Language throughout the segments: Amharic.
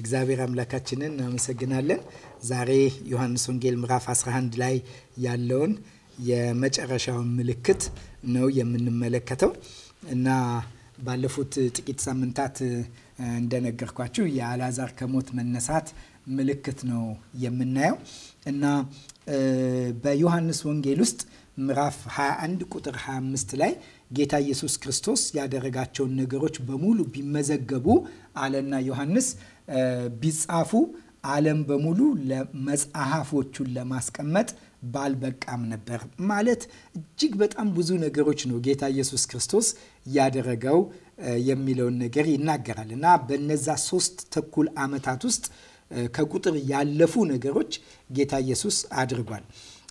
እግዚአብሔር አምላካችንን እናመሰግናለን። ዛሬ ዮሐንስ ወንጌል ምዕራፍ 11 ላይ ያለውን የመጨረሻውን ምልክት ነው የምንመለከተው እና ባለፉት ጥቂት ሳምንታት እንደነገርኳችሁ የአልዓዛር ከሞት መነሳት ምልክት ነው የምናየው እና በዮሐንስ ወንጌል ውስጥ ምዕራፍ 21 ቁጥር 25 ላይ ጌታ ኢየሱስ ክርስቶስ ያደረጋቸውን ነገሮች በሙሉ ቢመዘገቡ አለና ዮሐንስ ቢጻፉ ዓለም በሙሉ መጽሐፎቹን ለማስቀመጥ ባልበቃም ነበር ማለት እጅግ በጣም ብዙ ነገሮች ነው ጌታ ኢየሱስ ክርስቶስ ያደረገው የሚለውን ነገር ይናገራል እና በነዛ ሶስት ተኩል ዓመታት ውስጥ ከቁጥር ያለፉ ነገሮች ጌታ ኢየሱስ አድርጓል።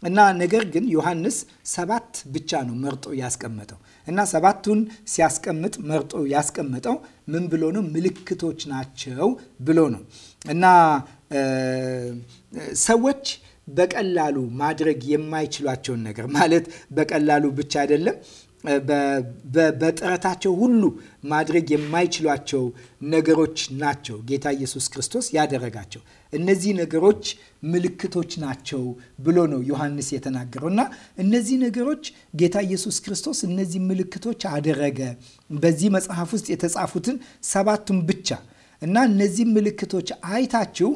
እና ነገር ግን ዮሐንስ ሰባት ብቻ ነው መርጦ ያስቀመጠው እና ሰባቱን ሲያስቀምጥ መርጦ ያስቀመጠው ምን ብሎ ነው? ምልክቶች ናቸው ብሎ ነው እና ሰዎች በቀላሉ ማድረግ የማይችሏቸውን ነገር ማለት በቀላሉ ብቻ አይደለም በጥረታቸው ሁሉ ማድረግ የማይችሏቸው ነገሮች ናቸው ጌታ ኢየሱስ ክርስቶስ ያደረጋቸው እነዚህ ነገሮች ምልክቶች ናቸው ብሎ ነው ዮሐንስ የተናገረው እና እነዚህ ነገሮች ጌታ ኢየሱስ ክርስቶስ እነዚህ ምልክቶች አደረገ በዚህ መጽሐፍ ውስጥ የተጻፉትን ሰባቱን ብቻ እና እነዚህ ምልክቶች አይታችሁ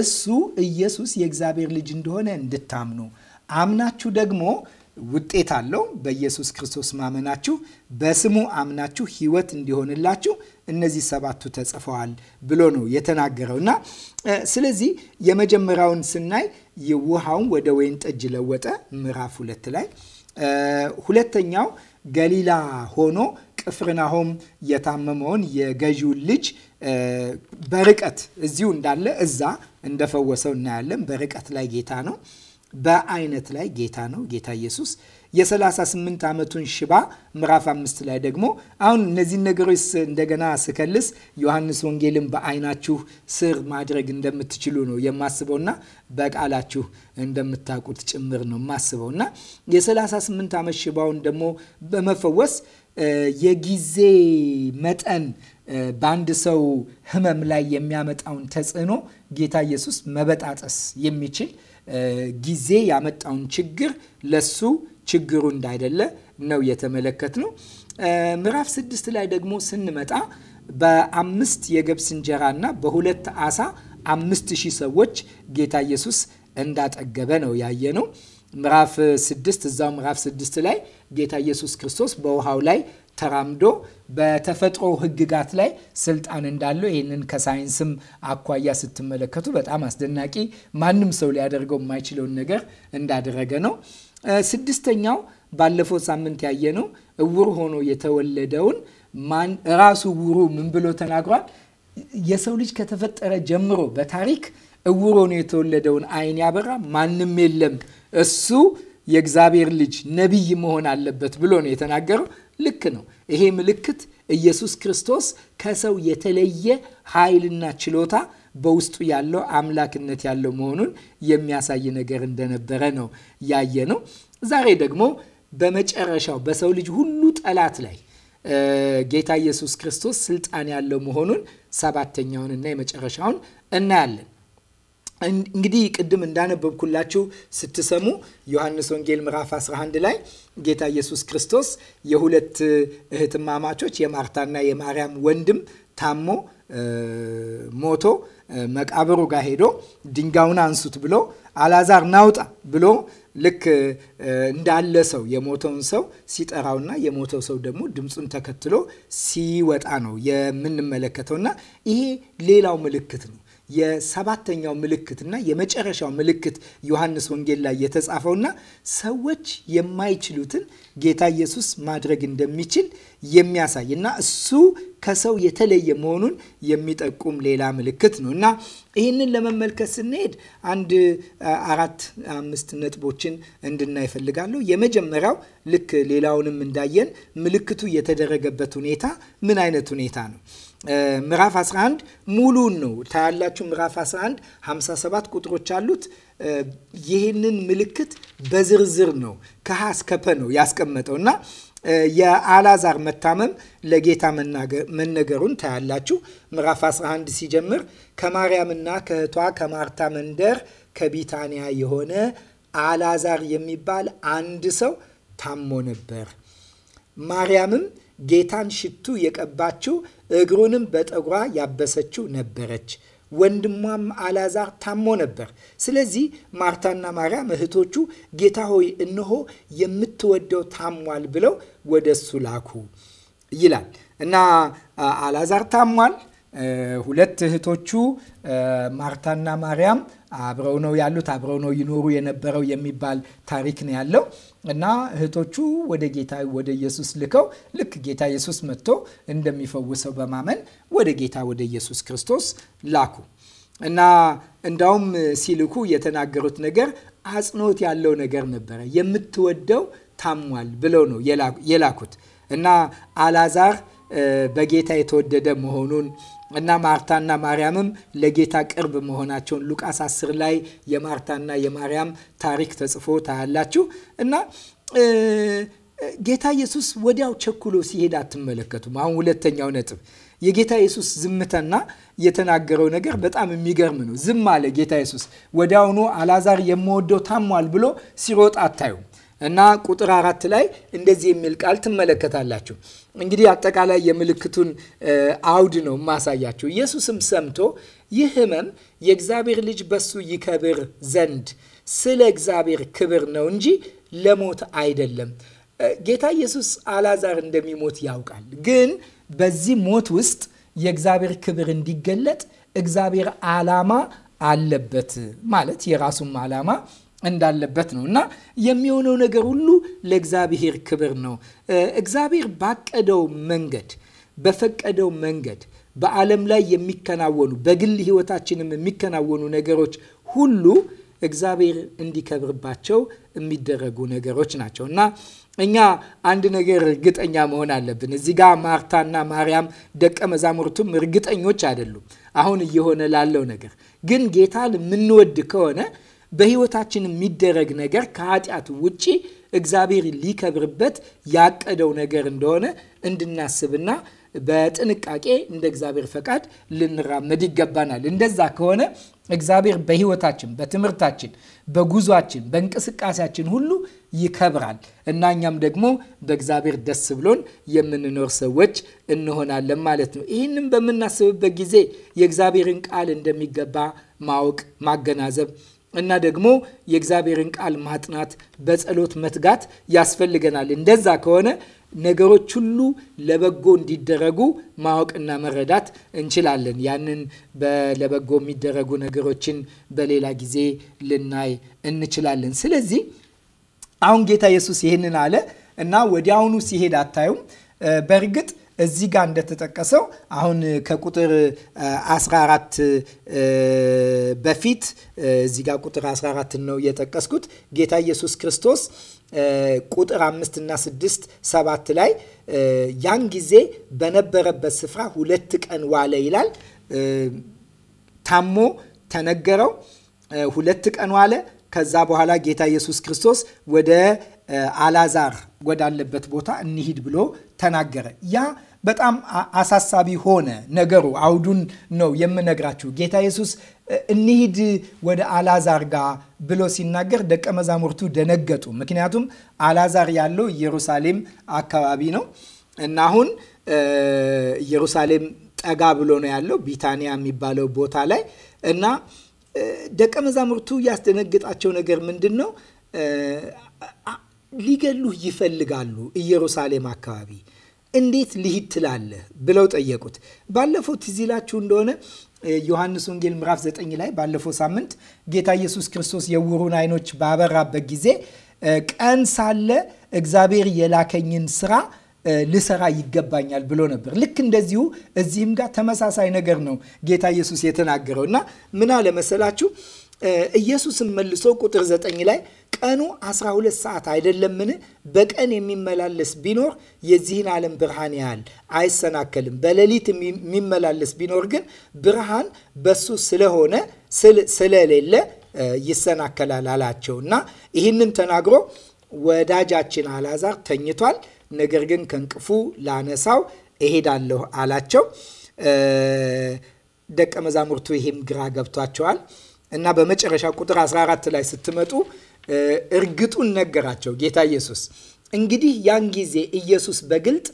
እሱ ኢየሱስ የእግዚአብሔር ልጅ እንደሆነ እንድታምኑ አምናችሁ ደግሞ ውጤት አለው። በኢየሱስ ክርስቶስ ማመናችሁ በስሙ አምናችሁ ሕይወት እንዲሆንላችሁ እነዚህ ሰባቱ ተጽፈዋል ብሎ ነው የተናገረው እና ስለዚህ የመጀመሪያውን ስናይ ውሃውን ወደ ወይን ጠጅ ለወጠ ምዕራፍ ሁለት ላይ ሁለተኛው ገሊላ ሆኖ ቅፍርናሆም የታመመውን የገዢውን ልጅ በርቀት እዚሁ እንዳለ እዛ እንደፈወሰው እናያለን። በርቀት ላይ ጌታ ነው። በአይነት ላይ ጌታ ነው ጌታ ኢየሱስ። የ38 ዓመቱን ሽባ ምዕራፍ አምስት ላይ ደግሞ አሁን እነዚህን ነገሮች እንደገና ስከልስ ዮሐንስ ወንጌልን በአይናችሁ ስር ማድረግ እንደምትችሉ ነው የማስበውና በቃላችሁ እንደምታውቁት ጭምር ነው የማስበውና የ38 ዓመት ሽባውን ደግሞ በመፈወስ የጊዜ መጠን በአንድ ሰው ህመም ላይ የሚያመጣውን ተጽዕኖ ጌታ ኢየሱስ መበጣጠስ የሚችል ጊዜ ያመጣውን ችግር ለሱ ችግሩ እንዳይደለ ነው የተመለከት ነው። ምዕራፍ ስድስት ላይ ደግሞ ስንመጣ በአምስት የገብስ እንጀራ እና በሁለት አሳ አምስት ሺህ ሰዎች ጌታ ኢየሱስ እንዳጠገበ ነው ያየ ነው። ምዕራፍ ስድስት እዛው ምዕራፍ ስድስት ላይ ጌታ ኢየሱስ ክርስቶስ በውሃው ላይ ተራምዶ በተፈጥሮ ህግጋት ላይ ስልጣን እንዳለው ይህንን ከሳይንስም አኳያ ስትመለከቱ በጣም አስደናቂ ማንም ሰው ሊያደርገው የማይችለውን ነገር እንዳደረገ ነው። ስድስተኛው ባለፈው ሳምንት ያየነው እውር ሆኖ የተወለደውን ማን ራሱ እውሩ ምን ብሎ ተናግሯል? የሰው ልጅ ከተፈጠረ ጀምሮ በታሪክ እውር ሆኖ የተወለደውን አይን ያበራ ማንም የለም እሱ የእግዚአብሔር ልጅ ነቢይ መሆን አለበት ብሎ ነው የተናገረው። ልክ ነው። ይሄ ምልክት ኢየሱስ ክርስቶስ ከሰው የተለየ ኃይልና ችሎታ በውስጡ ያለው አምላክነት ያለው መሆኑን የሚያሳይ ነገር እንደነበረ ነው ያየ ነው። ዛሬ ደግሞ በመጨረሻው በሰው ልጅ ሁሉ ጠላት ላይ ጌታ ኢየሱስ ክርስቶስ ስልጣን ያለው መሆኑን ሰባተኛውንና የመጨረሻውን እናያለን። እንግዲህ ቅድም እንዳነበብኩላችሁ ስትሰሙ ዮሐንስ ወንጌል ምዕራፍ 11 ላይ ጌታ ኢየሱስ ክርስቶስ የሁለት እህትማማቾች የማርታና የማርያም ወንድም ታሞ ሞቶ መቃብሩ ጋር ሄዶ ድንጋዩን አንሱት ብሎ አላዛር ናውጣ ብሎ ልክ እንዳለ ሰው የሞተውን ሰው ሲጠራውና የሞተው ሰው ደግሞ ድምፁን ተከትሎ ሲወጣ ነው የምንመለከተውና ይሄ ሌላው ምልክት ነው። የሰባተኛው እና የመጨረሻው ምልክት ዮሐንስ ወንጌል ላይ እና ሰዎች የማይችሉትን ጌታ ኢየሱስ ማድረግ እንደሚችል የሚያሳይ እና እሱ ከሰው የተለየ መሆኑን የሚጠቁም ሌላ ምልክት ነው እና ይህንን ለመመልከት ስንሄድ አንድ አራት አምስት ነጥቦችን እንድናይ እፈልጋለሁ። የመጀመሪያው ልክ ሌላውንም እንዳየን ምልክቱ የተደረገበት ሁኔታ ምን አይነት ሁኔታ ነው? ምዕራፍ 11 ሙሉን ነው ታያላችሁ። ምዕራፍ 11 57 ቁጥሮች አሉት። ይህንን ምልክት በዝርዝር ነው ከሀ እስከ ፐ ነው ያስቀመጠው እና የአላዛር መታመም ለጌታ መነገሩን ታያላችሁ። ምዕራፍ 11 ሲጀምር ከማርያምና ከእህቷ ከማርታ መንደር ከቢታንያ የሆነ አላዛር የሚባል አንድ ሰው ታሞ ነበር። ማርያምም ጌታን ሽቱ የቀባችው እግሩንም በጠጉሯ ያበሰችው ነበረች። ወንድሟም አላዛር ታሞ ነበር። ስለዚህ ማርታና ማርያም እህቶቹ ጌታ ሆይ እነሆ የምትወደው ታሟል ብለው ወደ እሱ ላኩ ይላል እና አላዛር ታሟል። ሁለት እህቶቹ ማርታና ማርያም አብረው ነው ያሉት። አብረው ነው ይኖሩ የነበረው የሚባል ታሪክ ነው ያለው እና እህቶቹ ወደ ጌታ ወደ ኢየሱስ ልከው ልክ ጌታ ኢየሱስ መጥቶ እንደሚፈውሰው በማመን ወደ ጌታ ወደ ኢየሱስ ክርስቶስ ላኩ እና እንዳውም ሲልኩ የተናገሩት ነገር አጽንኦት ያለው ነገር ነበረ። የምትወደው ታሟል ብለው ነው የላኩት እና አላዛር በጌታ የተወደደ መሆኑን እና ማርታና ማርያምም ለጌታ ቅርብ መሆናቸውን ሉቃስ 10 ላይ የማርታና የማርያም ታሪክ ተጽፎ ታያላችሁ። እና ጌታ ኢየሱስ ወዲያው ቸኩሎ ሲሄድ አትመለከቱም። አሁን ሁለተኛው ነጥብ የጌታ ኢየሱስ ዝምተና የተናገረው ነገር በጣም የሚገርም ነው። ዝም አለ ጌታ ኢየሱስ። ወዲያውኑ አላዛር የምወደው ታሟል ብሎ ሲሮጥ አታዩም። እና ቁጥር አራት ላይ እንደዚህ የሚል ቃል ትመለከታላችሁ እንግዲህ አጠቃላይ የምልክቱን አውድ ነው የማሳያቸው። ኢየሱስም ሰምቶ ይህ ህመም የእግዚአብሔር ልጅ በሱ ይከብር ዘንድ ስለ እግዚአብሔር ክብር ነው እንጂ ለሞት አይደለም። ጌታ ኢየሱስ አላዛር እንደሚሞት ያውቃል። ግን በዚህ ሞት ውስጥ የእግዚአብሔር ክብር እንዲገለጥ እግዚአብሔር ዓላማ አለበት ማለት የራሱም ዓላማ እንዳለበት ነው እና የሚሆነው ነገር ሁሉ ለእግዚአብሔር ክብር ነው። እግዚአብሔር ባቀደው መንገድ በፈቀደው መንገድ በዓለም ላይ የሚከናወኑ በግል ሕይወታችንም የሚከናወኑ ነገሮች ሁሉ እግዚአብሔር እንዲከብርባቸው የሚደረጉ ነገሮች ናቸው እና እኛ አንድ ነገር እርግጠኛ መሆን አለብን። እዚህ ጋር ማርታና ማርያም ደቀ መዛሙርቱም እርግጠኞች አይደሉም አሁን እየሆነ ላለው ነገር። ግን ጌታን የምንወድ ከሆነ በህይወታችን የሚደረግ ነገር ከኃጢአት ውጪ እግዚአብሔር ሊከብርበት ያቀደው ነገር እንደሆነ እንድናስብና በጥንቃቄ እንደ እግዚአብሔር ፈቃድ ልንራመድ ይገባናል። እንደዛ ከሆነ እግዚአብሔር በህይወታችን በትምህርታችን፣ በጉዟችን፣ በእንቅስቃሴያችን ሁሉ ይከብራል እና እኛም ደግሞ በእግዚአብሔር ደስ ብሎን የምንኖር ሰዎች እንሆናለን ማለት ነው። ይህንም በምናስብበት ጊዜ የእግዚአብሔርን ቃል እንደሚገባ ማወቅ ማገናዘብ እና ደግሞ የእግዚአብሔርን ቃል ማጥናት በጸሎት መትጋት ያስፈልገናል። እንደዛ ከሆነ ነገሮች ሁሉ ለበጎ እንዲደረጉ ማወቅና መረዳት እንችላለን። ያንን ለበጎ የሚደረጉ ነገሮችን በሌላ ጊዜ ልናይ እንችላለን። ስለዚህ አሁን ጌታ ኢየሱስ ይህንን አለ እና ወዲያውኑ ሲሄድ አታዩም። በእርግጥ እዚህ ጋር እንደተጠቀሰው አሁን ከቁጥር 14 በፊት እዚህ ጋር ቁጥር 14 ነው የጠቀስኩት። ጌታ ኢየሱስ ክርስቶስ ቁጥር አምስት እና ስድስት ሰባት ላይ ያን ጊዜ በነበረበት ስፍራ ሁለት ቀን ዋለ ይላል። ታሞ ተነገረው። ሁለት ቀን ዋለ። ከዛ በኋላ ጌታ ኢየሱስ ክርስቶስ ወደ አላዛር ወዳለበት ቦታ እንሂድ ብሎ ተናገረ። ያ በጣም አሳሳቢ ሆነ ነገሩ። አውዱን ነው የምነግራችሁ። ጌታ ኢየሱስ እንሂድ ወደ አላዛር ጋር ብሎ ሲናገር ደቀ መዛሙርቱ ደነገጡ። ምክንያቱም አላዛር ያለው ኢየሩሳሌም አካባቢ ነው እና አሁን ኢየሩሳሌም ጠጋ ብሎ ነው ያለው ቢታንያ የሚባለው ቦታ ላይ እና ደቀ መዛሙርቱ ያስደነግጣቸው ነገር ምንድን ነው? ሊገሉህ ይፈልጋሉ ኢየሩሳሌም አካባቢ እንዴት ልሂድ ትላለህ ብለው ጠየቁት። ባለፈው ትዝ ይላችሁ እንደሆነ ዮሐንስ ወንጌል ምዕራፍ 9 ላይ ባለፈው ሳምንት ጌታ ኢየሱስ ክርስቶስ የውሩን ዓይኖች ባበራበት ጊዜ ቀን ሳለ እግዚአብሔር የላከኝን ስራ ልሰራ ይገባኛል ብሎ ነበር። ልክ እንደዚሁ እዚህም ጋር ተመሳሳይ ነገር ነው ጌታ ኢየሱስ የተናገረው እና ምን አለ መሰላችሁ ኢየሱስም መልሶ ቁጥር ዘጠኝ ላይ ቀኑ 12 ሰዓት አይደለምን? በቀን የሚመላለስ ቢኖር የዚህን ዓለም ብርሃን ያህል አይሰናከልም። በሌሊት የሚመላለስ ቢኖር ግን ብርሃን በሱ ስለሆነ ስለሌለ ይሰናከላል አላቸው እና ይህንን ተናግሮ ወዳጃችን አላዛር ተኝቷል፣ ነገር ግን ከእንቅፉ ላነሳው እሄዳለሁ አላቸው። ደቀ መዛሙርቱ ይህም ግራ ገብቷቸዋል። እና በመጨረሻ ቁጥር 14 ላይ ስትመጡ እርግጡን ነገራቸው ጌታ ኢየሱስ። እንግዲህ ያን ጊዜ ኢየሱስ በግልጥ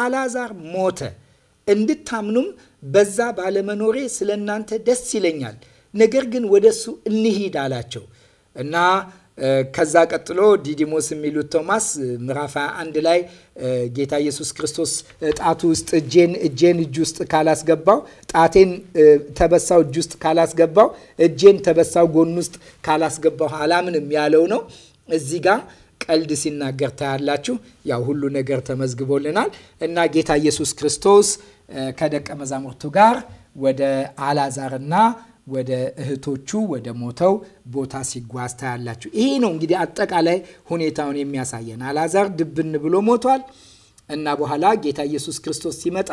አላዛር ሞተ፣ እንድታምኑም በዛ ባለመኖሬ ስለ እናንተ ደስ ይለኛል፣ ነገር ግን ወደ እሱ እንሂድ አላቸው እና ከዛ ቀጥሎ ዲዲሞስ የሚሉት ቶማስ ምዕራፍ አንድ ላይ ጌታ ኢየሱስ ክርስቶስ ጣቱ ውስጥ እጄን እጄን እጅ ውስጥ ካላስገባው ጣቴን ተበሳው እጅ ውስጥ ካላስገባው እጄን ተበሳው ጎን ውስጥ ካላስገባው አላምንም ያለው ነው። እዚህ ጋር ቀልድ ሲናገር ታያላችሁ። ያው ሁሉ ነገር ተመዝግቦልናል እና ጌታ ኢየሱስ ክርስቶስ ከደቀ መዛሙርቱ ጋር ወደ አላዛርና ወደ እህቶቹ ወደ ሞተው ቦታ ሲጓዝ ታያላችሁ። ይሄ ነው እንግዲህ አጠቃላይ ሁኔታውን የሚያሳየን። አላዛር ድብን ብሎ ሞቷል እና በኋላ ጌታ ኢየሱስ ክርስቶስ ሲመጣ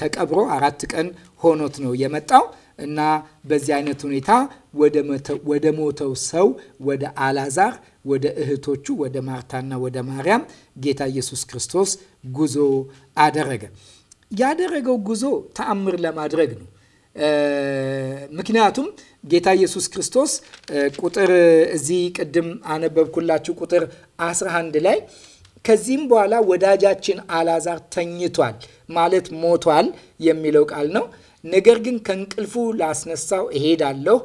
ተቀብሮ አራት ቀን ሆኖት ነው የመጣው እና በዚህ አይነት ሁኔታ ወደ ሞተው ሰው ወደ አላዛር ወደ እህቶቹ ወደ ማርታና ወደ ማርያም ጌታ ኢየሱስ ክርስቶስ ጉዞ አደረገ። ያደረገው ጉዞ ተአምር ለማድረግ ነው። ምክንያቱም ጌታ ኢየሱስ ክርስቶስ ቁጥር እዚህ ቅድም አነበብኩላችሁ ቁጥር 11 ላይ ከዚህም በኋላ ወዳጃችን አላዛር ተኝቷል ማለት ሞቷል የሚለው ቃል ነው። ነገር ግን ከእንቅልፉ ላስነሳው እሄዳለሁ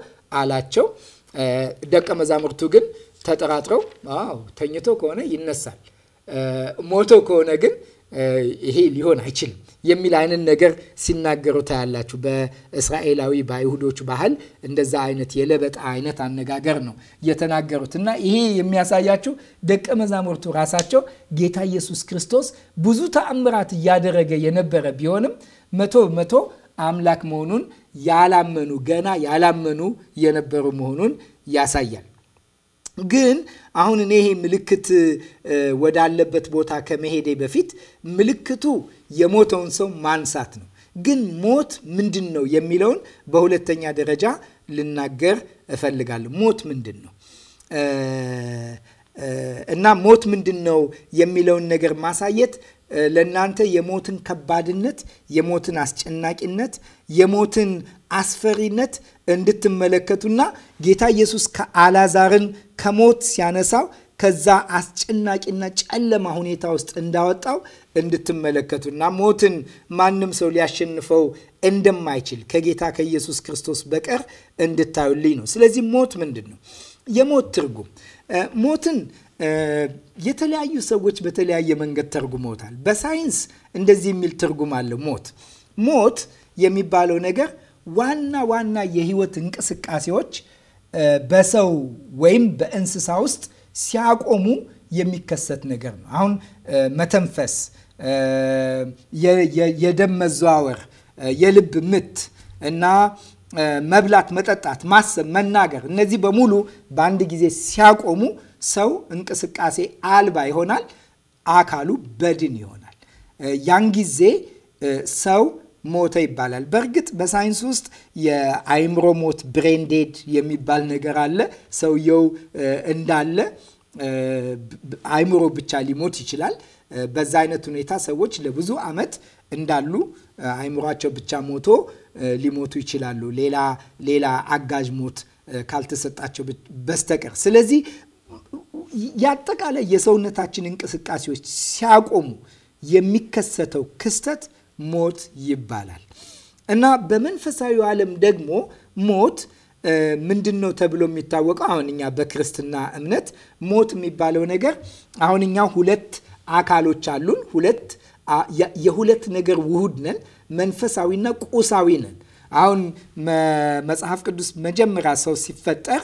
አላቸው። ደቀ መዛሙርቱ ግን ተጠራጥረው አዎ ተኝቶ ከሆነ ይነሳል፣ ሞቶ ከሆነ ግን ይሄ ሊሆን አይችልም የሚል አይነት ነገር ሲናገሩ ታያላችሁ። በእስራኤላዊ በአይሁዶች ባህል እንደዛ አይነት የለበጣ አይነት አነጋገር ነው የተናገሩት እና ይሄ የሚያሳያችሁ ደቀ መዛሙርቱ ራሳቸው ጌታ ኢየሱስ ክርስቶስ ብዙ ተአምራት እያደረገ የነበረ ቢሆንም መቶ መቶ አምላክ መሆኑን ያላመኑ ገና ያላመኑ የነበሩ መሆኑን ያሳያል። ግን አሁን እኔ ይሄ ምልክት ወዳለበት ቦታ ከመሄዴ በፊት ምልክቱ የሞተውን ሰው ማንሳት ነው። ግን ሞት ምንድን ነው የሚለውን በሁለተኛ ደረጃ ልናገር እፈልጋለሁ። ሞት ምንድን ነው እና ሞት ምንድን ነው የሚለውን ነገር ማሳየት ለእናንተ የሞትን ከባድነት፣ የሞትን አስጨናቂነት፣ የሞትን አስፈሪነት እንድትመለከቱና ጌታ ኢየሱስ ከአላዛርን ከሞት ሲያነሳው ከዛ አስጨናቂና ጨለማ ሁኔታ ውስጥ እንዳወጣው እንድትመለከቱና ሞትን ማንም ሰው ሊያሸንፈው እንደማይችል ከጌታ ከኢየሱስ ክርስቶስ በቀር እንድታዩልኝ ነው። ስለዚህ ሞት ምንድን ነው? የሞት ትርጉም ሞትን የተለያዩ ሰዎች በተለያየ መንገድ ተርጉመውታል። በሳይንስ እንደዚህ የሚል ትርጉም አለው። ሞት ሞት የሚባለው ነገር ዋና ዋና የህይወት እንቅስቃሴዎች በሰው ወይም በእንስሳ ውስጥ ሲያቆሙ የሚከሰት ነገር ነው። አሁን መተንፈስ፣ የደም መዘዋወር፣ የልብ ምት እና መብላት፣ መጠጣት፣ ማሰብ፣ መናገር እነዚህ በሙሉ በአንድ ጊዜ ሲያቆሙ ሰው እንቅስቃሴ አልባ ይሆናል፣ አካሉ በድን ይሆናል። ያን ጊዜ ሰው ሞተ ይባላል። በእርግጥ በሳይንስ ውስጥ የአይምሮ ሞት ብሬንዴድ የሚባል ነገር አለ። ሰውየው እንዳለ አይምሮ ብቻ ሊሞት ይችላል። በዛ አይነት ሁኔታ ሰዎች ለብዙ ዓመት እንዳሉ አይምሯቸው ብቻ ሞቶ ሊሞቱ ይችላሉ፣ ሌላ ሌላ አጋዥ ሞት ካልተሰጣቸው በስተቀር። ስለዚህ የአጠቃላይ የሰውነታችን እንቅስቃሴዎች ሲያቆሙ የሚከሰተው ክስተት ሞት ይባላል እና በመንፈሳዊ ዓለም ደግሞ ሞት ምንድን ነው ተብሎ የሚታወቀው? አሁን እኛ በክርስትና እምነት ሞት የሚባለው ነገር አሁን እኛ ሁለት አካሎች አሉን። ሁለት የሁለት ነገር ውሁድ ነን፣ መንፈሳዊና ቁሳዊ ነን። አሁን መጽሐፍ ቅዱስ መጀመሪያ ሰው ሲፈጠር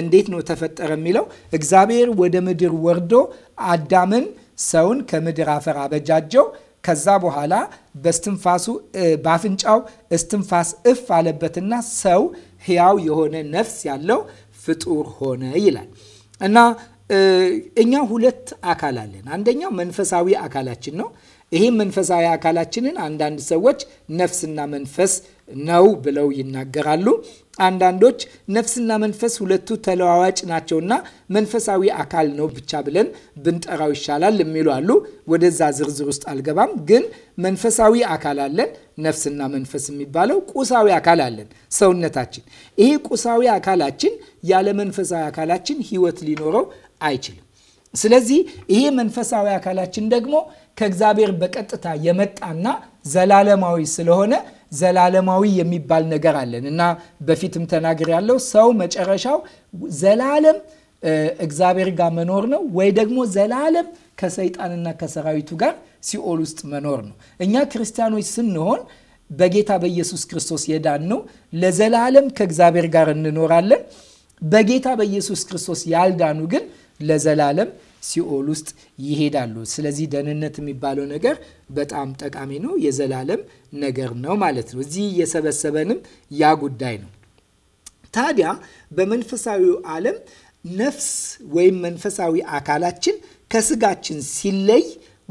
እንዴት ነው ተፈጠረ የሚለው እግዚአብሔር ወደ ምድር ወርዶ አዳምን ሰውን ከምድር አፈር አበጃጀው ከዛ በኋላ በስትንፋሱ በአፍንጫው እስትንፋስ እፍ አለበትና ሰው ሕያው የሆነ ነፍስ ያለው ፍጡር ሆነ ይላል እና እኛ ሁለት አካል አለን። አንደኛው መንፈሳዊ አካላችን ነው። ይሄ መንፈሳዊ አካላችንን አንዳንድ ሰዎች ነፍስና መንፈስ ነው ብለው ይናገራሉ። አንዳንዶች ነፍስና መንፈስ ሁለቱ ተለዋዋጭ ናቸውና መንፈሳዊ አካል ነው ብቻ ብለን ብንጠራው ይሻላል የሚሉ አሉ። ወደዛ ዝርዝር ውስጥ አልገባም። ግን መንፈሳዊ አካል አለን፣ ነፍስና መንፈስ የሚባለው ቁሳዊ አካል አለን፣ ሰውነታችን። ይሄ ቁሳዊ አካላችን ያለ መንፈሳዊ አካላችን ሕይወት ሊኖረው አይችልም። ስለዚህ ይሄ መንፈሳዊ አካላችን ደግሞ ከእግዚአብሔር በቀጥታ የመጣና ዘላለማዊ ስለሆነ ዘላለማዊ የሚባል ነገር አለን እና በፊትም ተናግር ያለው ሰው መጨረሻው ዘላለም እግዚአብሔር ጋር መኖር ነው ወይ ደግሞ ዘላለም ከሰይጣንና ከሰራዊቱ ጋር ሲኦል ውስጥ መኖር ነው። እኛ ክርስቲያኖች ስንሆን በጌታ በኢየሱስ ክርስቶስ የዳን ነው ለዘላለም ከእግዚአብሔር ጋር እንኖራለን። በጌታ በኢየሱስ ክርስቶስ ያልዳኑ ግን ለዘላለም ሲኦል ውስጥ ይሄዳሉ። ስለዚህ ደህንነት የሚባለው ነገር በጣም ጠቃሚ ነው፣ የዘላለም ነገር ነው ማለት ነው። እዚህ እየሰበሰበንም ያ ጉዳይ ነው። ታዲያ በመንፈሳዊው ዓለም ነፍስ ወይም መንፈሳዊ አካላችን ከስጋችን ሲለይ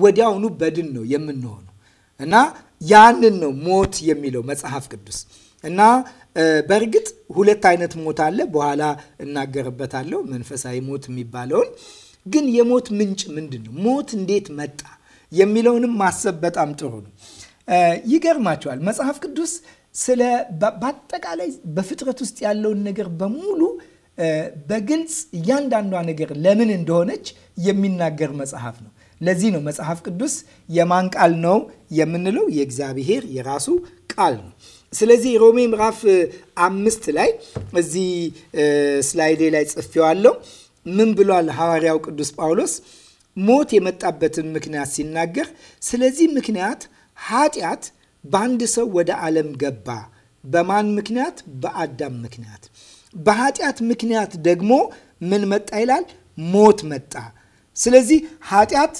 ወዲያውኑ በድን ነው የምንሆነው እና ያንን ነው ሞት የሚለው መጽሐፍ ቅዱስ እና በእርግጥ ሁለት አይነት ሞት አለ። በኋላ እናገርበታለሁ መንፈሳዊ ሞት የሚባለውን ግን የሞት ምንጭ ምንድን ነው? ሞት እንዴት መጣ የሚለውንም ማሰብ በጣም ጥሩ ነው። ይገርማቸዋል። መጽሐፍ ቅዱስ ስለ በአጠቃላይ በፍጥረት ውስጥ ያለውን ነገር በሙሉ በግልጽ እያንዳንዷ ነገር ለምን እንደሆነች የሚናገር መጽሐፍ ነው። ለዚህ ነው መጽሐፍ ቅዱስ የማን ቃል ነው የምንለው? የእግዚአብሔር የራሱ ቃል ነው። ስለዚህ ሮሜ ምዕራፍ አምስት ላይ እዚህ ስላይዴ ላይ ጽፌዋለሁ። ምን ብሏል ሐዋርያው ቅዱስ ጳውሎስ? ሞት የመጣበትን ምክንያት ሲናገር ስለዚህ ምክንያት ኃጢአት በአንድ ሰው ወደ ዓለም ገባ። በማን ምክንያት? በአዳም ምክንያት። በኃጢአት ምክንያት ደግሞ ምን መጣ ይላል? ሞት መጣ። ስለዚህ ኃጢአት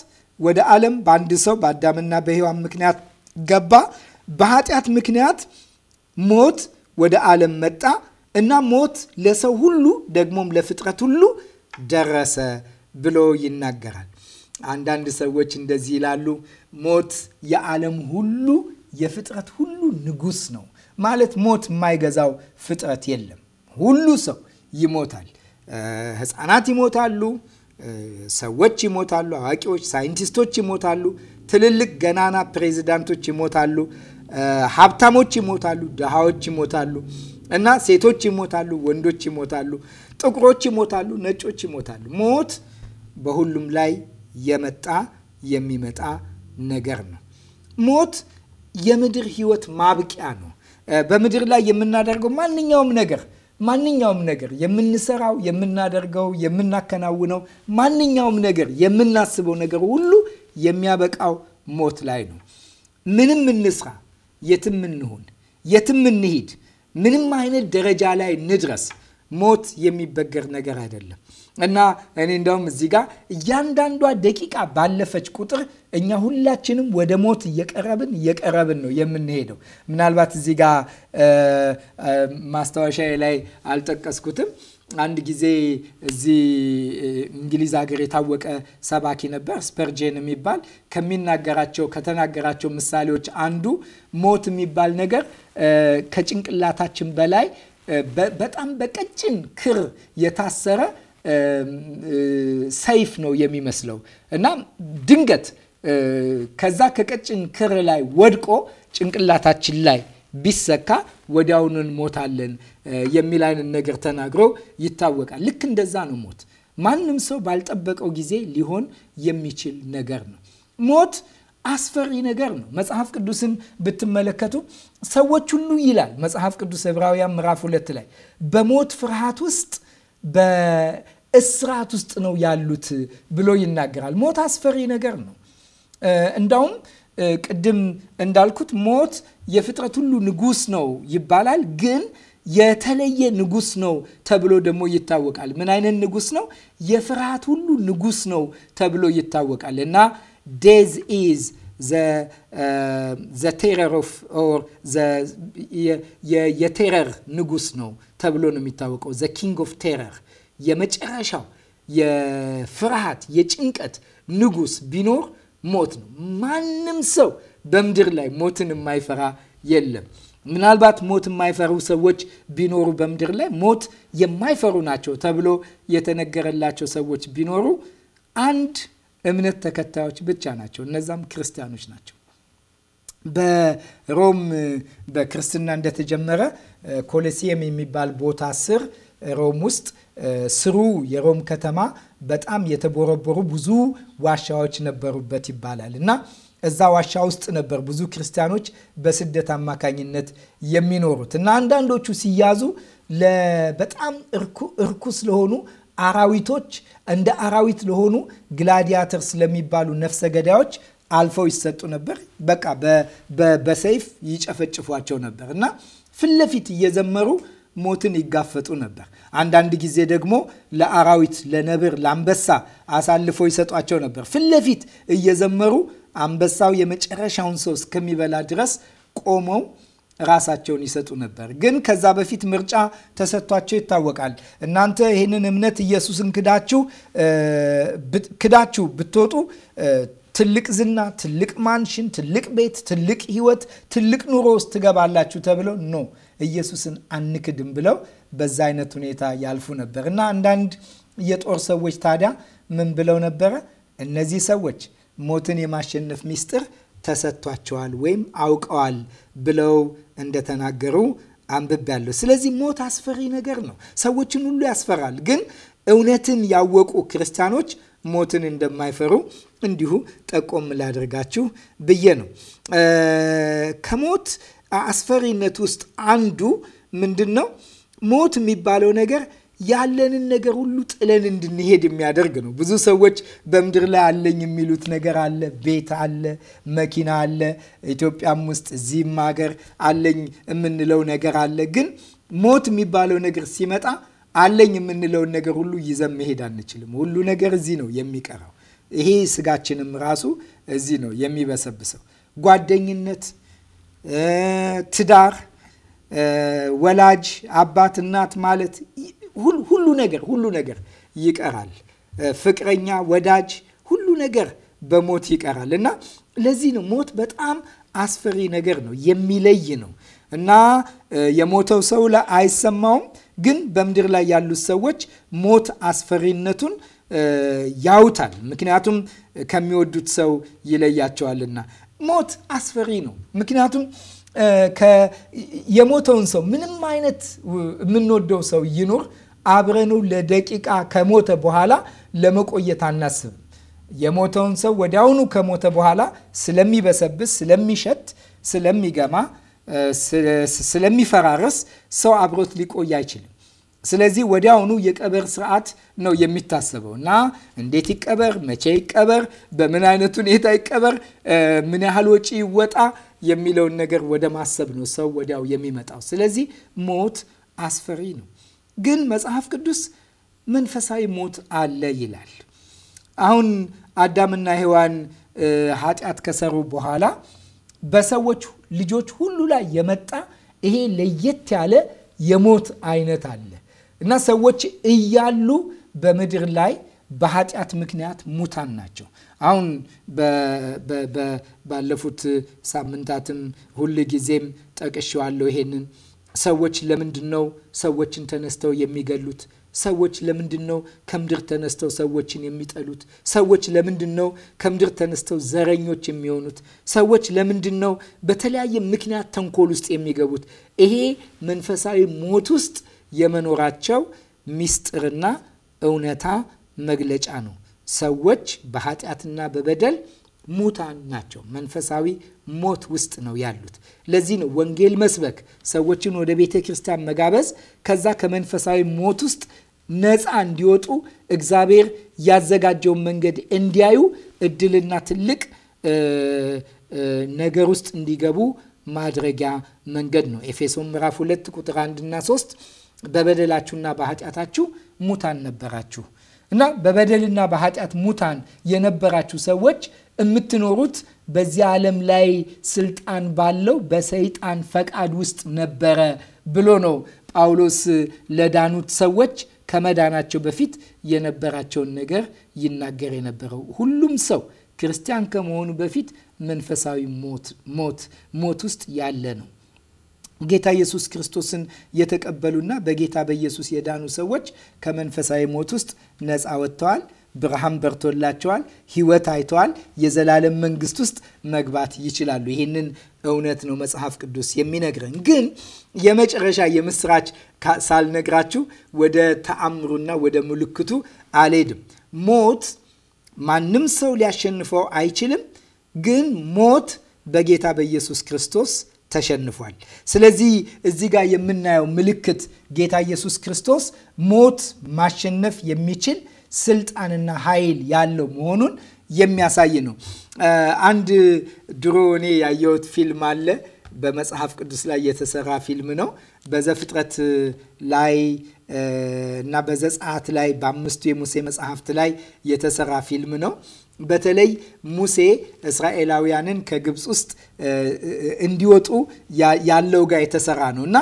ወደ ዓለም በአንድ ሰው በአዳምና በሔዋን ምክንያት ገባ። በኃጢአት ምክንያት ሞት ወደ ዓለም መጣ እና ሞት ለሰው ሁሉ ደግሞም ለፍጥረት ሁሉ ደረሰ ብሎ ይናገራል። አንዳንድ ሰዎች እንደዚህ ይላሉ፣ ሞት የዓለም ሁሉ የፍጥረት ሁሉ ንጉስ ነው ማለት ሞት የማይገዛው ፍጥረት የለም። ሁሉ ሰው ይሞታል። ህፃናት ይሞታሉ፣ ሰዎች ይሞታሉ፣ አዋቂዎች፣ ሳይንቲስቶች ይሞታሉ፣ ትልልቅ ገናና ፕሬዚዳንቶች ይሞታሉ፣ ሀብታሞች ይሞታሉ፣ ድሃዎች ይሞታሉ እና ሴቶች ይሞታሉ፣ ወንዶች ይሞታሉ፣ ጥቁሮች ይሞታሉ፣ ነጮች ይሞታሉ። ሞት በሁሉም ላይ የመጣ የሚመጣ ነገር ነው። ሞት የምድር ህይወት ማብቂያ ነው። በምድር ላይ የምናደርገው ማንኛውም ነገር ማንኛውም ነገር የምንሰራው፣ የምናደርገው፣ የምናከናውነው ማንኛውም ነገር የምናስበው ነገር ሁሉ የሚያበቃው ሞት ላይ ነው። ምንም እንስራ፣ የትም እንሁን፣ የትም እንሂድ፣ ምንም አይነት ደረጃ ላይ ንድረስ? ሞት የሚበገር ነገር አይደለም እና እኔ እንደውም እዚህ ጋር እያንዳንዷ ደቂቃ ባለፈች ቁጥር እኛ ሁላችንም ወደ ሞት እየቀረብን እየቀረብን ነው የምንሄደው። ምናልባት እዚህ ጋር ማስታወሻዬ ላይ አልጠቀስኩትም። አንድ ጊዜ እዚህ እንግሊዝ ሀገር የታወቀ ሰባኪ ነበር፣ ስፐርጄን የሚባል ከሚናገራቸው ከተናገራቸው ምሳሌዎች አንዱ ሞት የሚባል ነገር ከጭንቅላታችን በላይ በጣም በቀጭን ክር የታሰረ ሰይፍ ነው የሚመስለው እና ድንገት ከዛ ከቀጭን ክር ላይ ወድቆ ጭንቅላታችን ላይ ቢሰካ ወዲያውኑ እንሞታለን የሚል አይነት ነገር ተናግሮ ይታወቃል። ልክ እንደዛ ነው ሞት። ማንም ሰው ባልጠበቀው ጊዜ ሊሆን የሚችል ነገር ነው ሞት አስፈሪ ነገር ነው። መጽሐፍ ቅዱስን ብትመለከቱ ሰዎች ሁሉ ይላል መጽሐፍ ቅዱስ ዕብራውያን ምዕራፍ ሁለት ላይ በሞት ፍርሃት ውስጥ በእስራት ውስጥ ነው ያሉት ብሎ ይናገራል። ሞት አስፈሪ ነገር ነው። እንዳውም ቅድም እንዳልኩት ሞት የፍጥረት ሁሉ ንጉስ ነው ይባላል ግን የተለየ ንጉስ ነው ተብሎ ደግሞ ይታወቃል። ምን አይነት ንጉስ ነው? የፍርሃት ሁሉ ንጉስ ነው ተብሎ ይታወቃል እና ዴዝ ኢዝ ዘቴረር ኦር የቴረር ንጉስ ነው ተብሎ ነው የሚታወቀው። ዘ ኪንግ ኦፍ ቴረር የመጨረሻው የፍርሃት የጭንቀት ንጉስ ቢኖር ሞት ነው። ማንም ሰው በምድር ላይ ሞትን የማይፈራ የለም። ምናልባት ሞት የማይፈሩ ሰዎች ቢኖሩ በምድር ላይ ሞት የማይፈሩ ናቸው ተብሎ የተነገረላቸው ሰዎች ቢኖሩ አንድ እምነት ተከታዮች ብቻ ናቸው። እነዛም ክርስቲያኖች ናቸው። በሮም በክርስትና እንደተጀመረ ኮሎሲየም የሚባል ቦታ ስር ሮም ውስጥ ስሩ የሮም ከተማ በጣም የተቦረቦሩ ብዙ ዋሻዎች ነበሩበት ይባላል እና እዛ ዋሻ ውስጥ ነበር ብዙ ክርስቲያኖች በስደት አማካኝነት የሚኖሩት እና አንዳንዶቹ ሲያዙ በጣም እርኩስ ለሆኑ አራዊቶች እንደ አራዊት ለሆኑ ግላዲያተርስ ለሚባሉ ነፍሰ ገዳዮች አልፈው ይሰጡ ነበር። በቃ በሰይፍ ይጨፈጭፏቸው ነበር እና ፊት ለፊት እየዘመሩ ሞትን ይጋፈጡ ነበር። አንዳንድ ጊዜ ደግሞ ለአራዊት፣ ለነብር፣ ለአንበሳ አሳልፎ ይሰጧቸው ነበር። ፊት ለፊት እየዘመሩ አንበሳው የመጨረሻውን ሰው እስከሚበላ ድረስ ቆመው ራሳቸውን ይሰጡ ነበር። ግን ከዛ በፊት ምርጫ ተሰጥቷቸው ይታወቃል። እናንተ ይህንን እምነት ኢየሱስን ክዳችሁ ክዳችሁ ብትወጡ ትልቅ ዝና፣ ትልቅ ማንሽን፣ ትልቅ ቤት፣ ትልቅ ህይወት፣ ትልቅ ኑሮ ውስጥ ትገባላችሁ ተብለው ኖ ኢየሱስን አንክድም ብለው በዛ አይነት ሁኔታ ያልፉ ነበር እና አንዳንድ የጦር ሰዎች ታዲያ ምን ብለው ነበረ? እነዚህ ሰዎች ሞትን የማሸነፍ ሚስጥር ተሰጥቷቸዋል ወይም አውቀዋል ብለው እንደተናገሩ አንብቤያለሁ። ስለዚህ ሞት አስፈሪ ነገር ነው። ሰዎችን ሁሉ ያስፈራል። ግን እውነትን ያወቁ ክርስቲያኖች ሞትን እንደማይፈሩ እንዲሁ ጠቆም ላደርጋችሁ ብዬ ነው። ከሞት አስፈሪነት ውስጥ አንዱ ምንድን ነው? ሞት የሚባለው ነገር ያለንን ነገር ሁሉ ጥለን እንድንሄድ የሚያደርግ ነው። ብዙ ሰዎች በምድር ላይ አለኝ የሚሉት ነገር አለ። ቤት አለ፣ መኪና አለ፣ ኢትዮጵያም ውስጥ እዚህም ሀገር አለኝ የምንለው ነገር አለ። ግን ሞት የሚባለው ነገር ሲመጣ አለኝ የምንለውን ነገር ሁሉ ይዘን መሄድ አንችልም። ሁሉ ነገር እዚህ ነው የሚቀረው። ይሄ ስጋችንም ራሱ እዚህ ነው የሚበሰብሰው። ጓደኝነት፣ ትዳር፣ ወላጅ አባት፣ እናት ማለት ሁሉ ነገር ሁሉ ነገር ይቀራል። ፍቅረኛ፣ ወዳጅ፣ ሁሉ ነገር በሞት ይቀራል እና ለዚህ ነው ሞት በጣም አስፈሪ ነገር ነው፣ የሚለይ ነው እና የሞተው ሰው አይሰማውም። ግን በምድር ላይ ያሉት ሰዎች ሞት አስፈሪነቱን ያውታል፣ ምክንያቱም ከሚወዱት ሰው ይለያቸዋልና። ሞት አስፈሪ ነው፣ ምክንያቱም የሞተውን ሰው ምንም አይነት የምንወደው ሰው ይኑር አብረኑ ለደቂቃ ከሞተ በኋላ ለመቆየት አናስብም። የሞተውን ሰው ወዲያውኑ ከሞተ በኋላ ስለሚበሰብስ፣ ስለሚሸት፣ ስለሚገማ፣ ስለሚፈራረስ ሰው አብሮት ሊቆይ አይችልም። ስለዚህ ወዲያውኑ የቀበር ስርዓት ነው የሚታሰበው እና እንዴት ይቀበር፣ መቼ ይቀበር፣ በምን አይነት ሁኔታ ይቀበር፣ ምን ያህል ወጪ ይወጣ የሚለውን ነገር ወደ ማሰብ ነው ሰው ወዲያው የሚመጣው። ስለዚህ ሞት አስፈሪ ነው። ግን መጽሐፍ ቅዱስ መንፈሳዊ ሞት አለ ይላል። አሁን አዳምና ሔዋን ኃጢአት ከሰሩ በኋላ በሰዎች ልጆች ሁሉ ላይ የመጣ ይሄ ለየት ያለ የሞት አይነት አለ እና ሰዎች እያሉ በምድር ላይ በኃጢአት ምክንያት ሙታን ናቸው። አሁን ባለፉት ሳምንታትም ሁል ጊዜም ጠቅሼዋለሁ ይሄንን ሰዎች ለምንድን ነው ሰዎችን ተነስተው የሚገሉት? ሰዎች ለምንድን ነው ከምድር ተነስተው ሰዎችን የሚጠሉት? ሰዎች ለምንድን ነው ከምድር ተነስተው ዘረኞች የሚሆኑት? ሰዎች ለምንድን ነው በተለያየ ምክንያት ተንኮል ውስጥ የሚገቡት? ይሄ መንፈሳዊ ሞት ውስጥ የመኖራቸው ሚስጥርና እውነታ መግለጫ ነው። ሰዎች በኃጢአትና በበደል ሙታን ናቸው። መንፈሳዊ ሞት ውስጥ ነው ያሉት። ለዚህ ነው ወንጌል መስበክ፣ ሰዎችን ወደ ቤተ ክርስቲያን መጋበዝ ከዛ ከመንፈሳዊ ሞት ውስጥ ነፃ እንዲወጡ እግዚአብሔር ያዘጋጀውን መንገድ እንዲያዩ እድልና ትልቅ ነገር ውስጥ እንዲገቡ ማድረጊያ መንገድ ነው። ኤፌሶን ምዕራፍ 2 ቁጥር 1 እና 3 በበደላችሁና በኃጢአታችሁ ሙታን ነበራችሁ እና በበደልና በኃጢአት ሙታን የነበራችሁ ሰዎች የምትኖሩት በዚህ ዓለም ላይ ስልጣን ባለው በሰይጣን ፈቃድ ውስጥ ነበረ ብሎ ነው ጳውሎስ ለዳኑት ሰዎች ከመዳናቸው በፊት የነበራቸውን ነገር ይናገር የነበረው። ሁሉም ሰው ክርስቲያን ከመሆኑ በፊት መንፈሳዊ ሞት ሞት ውስጥ ያለ ነው። ጌታ ኢየሱስ ክርስቶስን የተቀበሉና በጌታ በኢየሱስ የዳኑ ሰዎች ከመንፈሳዊ ሞት ውስጥ ነፃ ወጥተዋል። ብርሃን በርቶላቸዋል። ሕይወት አይተዋል። የዘላለም መንግስት ውስጥ መግባት ይችላሉ። ይህንን እውነት ነው መጽሐፍ ቅዱስ የሚነግረን። ግን የመጨረሻ የምስራች ሳልነግራችሁ ወደ ተአምሩና ወደ ምልክቱ አልሄድም። ሞት ማንም ሰው ሊያሸንፈው አይችልም። ግን ሞት በጌታ በኢየሱስ ክርስቶስ ተሸንፏል። ስለዚህ እዚህ ጋር የምናየው ምልክት ጌታ ኢየሱስ ክርስቶስ ሞት ማሸነፍ የሚችል ስልጣንና ኃይል ያለው መሆኑን የሚያሳይ ነው። አንድ ድሮ እኔ ያየሁት ፊልም አለ በመጽሐፍ ቅዱስ ላይ የተሰራ ፊልም ነው። በዘፍጥረት ላይ እና በዘጸአት ላይ በአምስቱ የሙሴ መጽሐፍት ላይ የተሰራ ፊልም ነው። በተለይ ሙሴ እስራኤላውያንን ከግብፅ ውስጥ እንዲወጡ ያለው ጋር የተሰራ ነው እና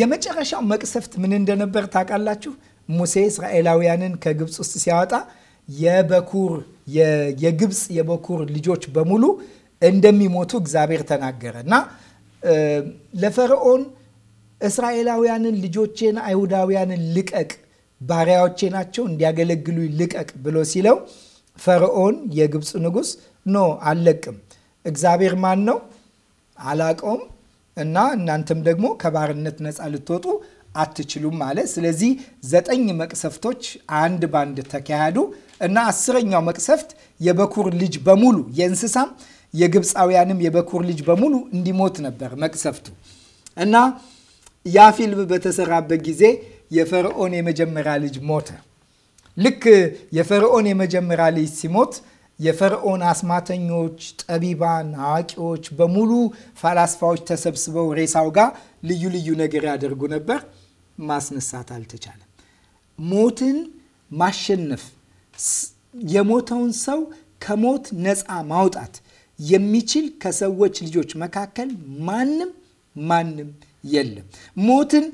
የመጨረሻው መቅሰፍት ምን እንደነበር ታውቃላችሁ? ሙሴ እስራኤላውያንን ከግብፅ ውስጥ ሲያወጣ የበኩር የግብፅ የበኩር ልጆች በሙሉ እንደሚሞቱ እግዚአብሔር ተናገረ እና ለፈርዖን እስራኤላውያንን ልጆቼን አይሁዳውያንን ልቀቅ ባሪያዎቼ ናቸው እንዲያገለግሉ ልቀቅ ብሎ ሲለው ፈርዖን የግብፅ ንጉስ ኖ አልለቅም፣ እግዚአብሔር ማን ነው አላቀውም እና እናንተም ደግሞ ከባርነት ነፃ ልትወጡ አትችሉም ማለት። ስለዚህ ዘጠኝ መቅሰፍቶች አንድ ባንድ ተካሄዱ እና አስረኛው መቅሰፍት የበኩር ልጅ በሙሉ የእንስሳም የግብፃውያንም የበኩር ልጅ በሙሉ እንዲሞት ነበር መቅሰፍቱ እና ያ ፊልም በተሰራበት ጊዜ የፈርዖን የመጀመሪያ ልጅ ሞተ። ልክ የፈርዖን የመጀመሪያ ልጅ ሲሞት የፈርዖን አስማተኞች፣ ጠቢባን፣ አዋቂዎች በሙሉ ፈላስፋዎች ተሰብስበው ሬሳው ጋር ልዩ ልዩ ነገር ያደርጉ ነበር። ማስነሳት አልተቻለም። ሞትን ማሸነፍ የሞተውን ሰው ከሞት ነፃ ማውጣት የሚችል ከሰዎች ልጆች መካከል ማንም ማንም የለም። ሞትን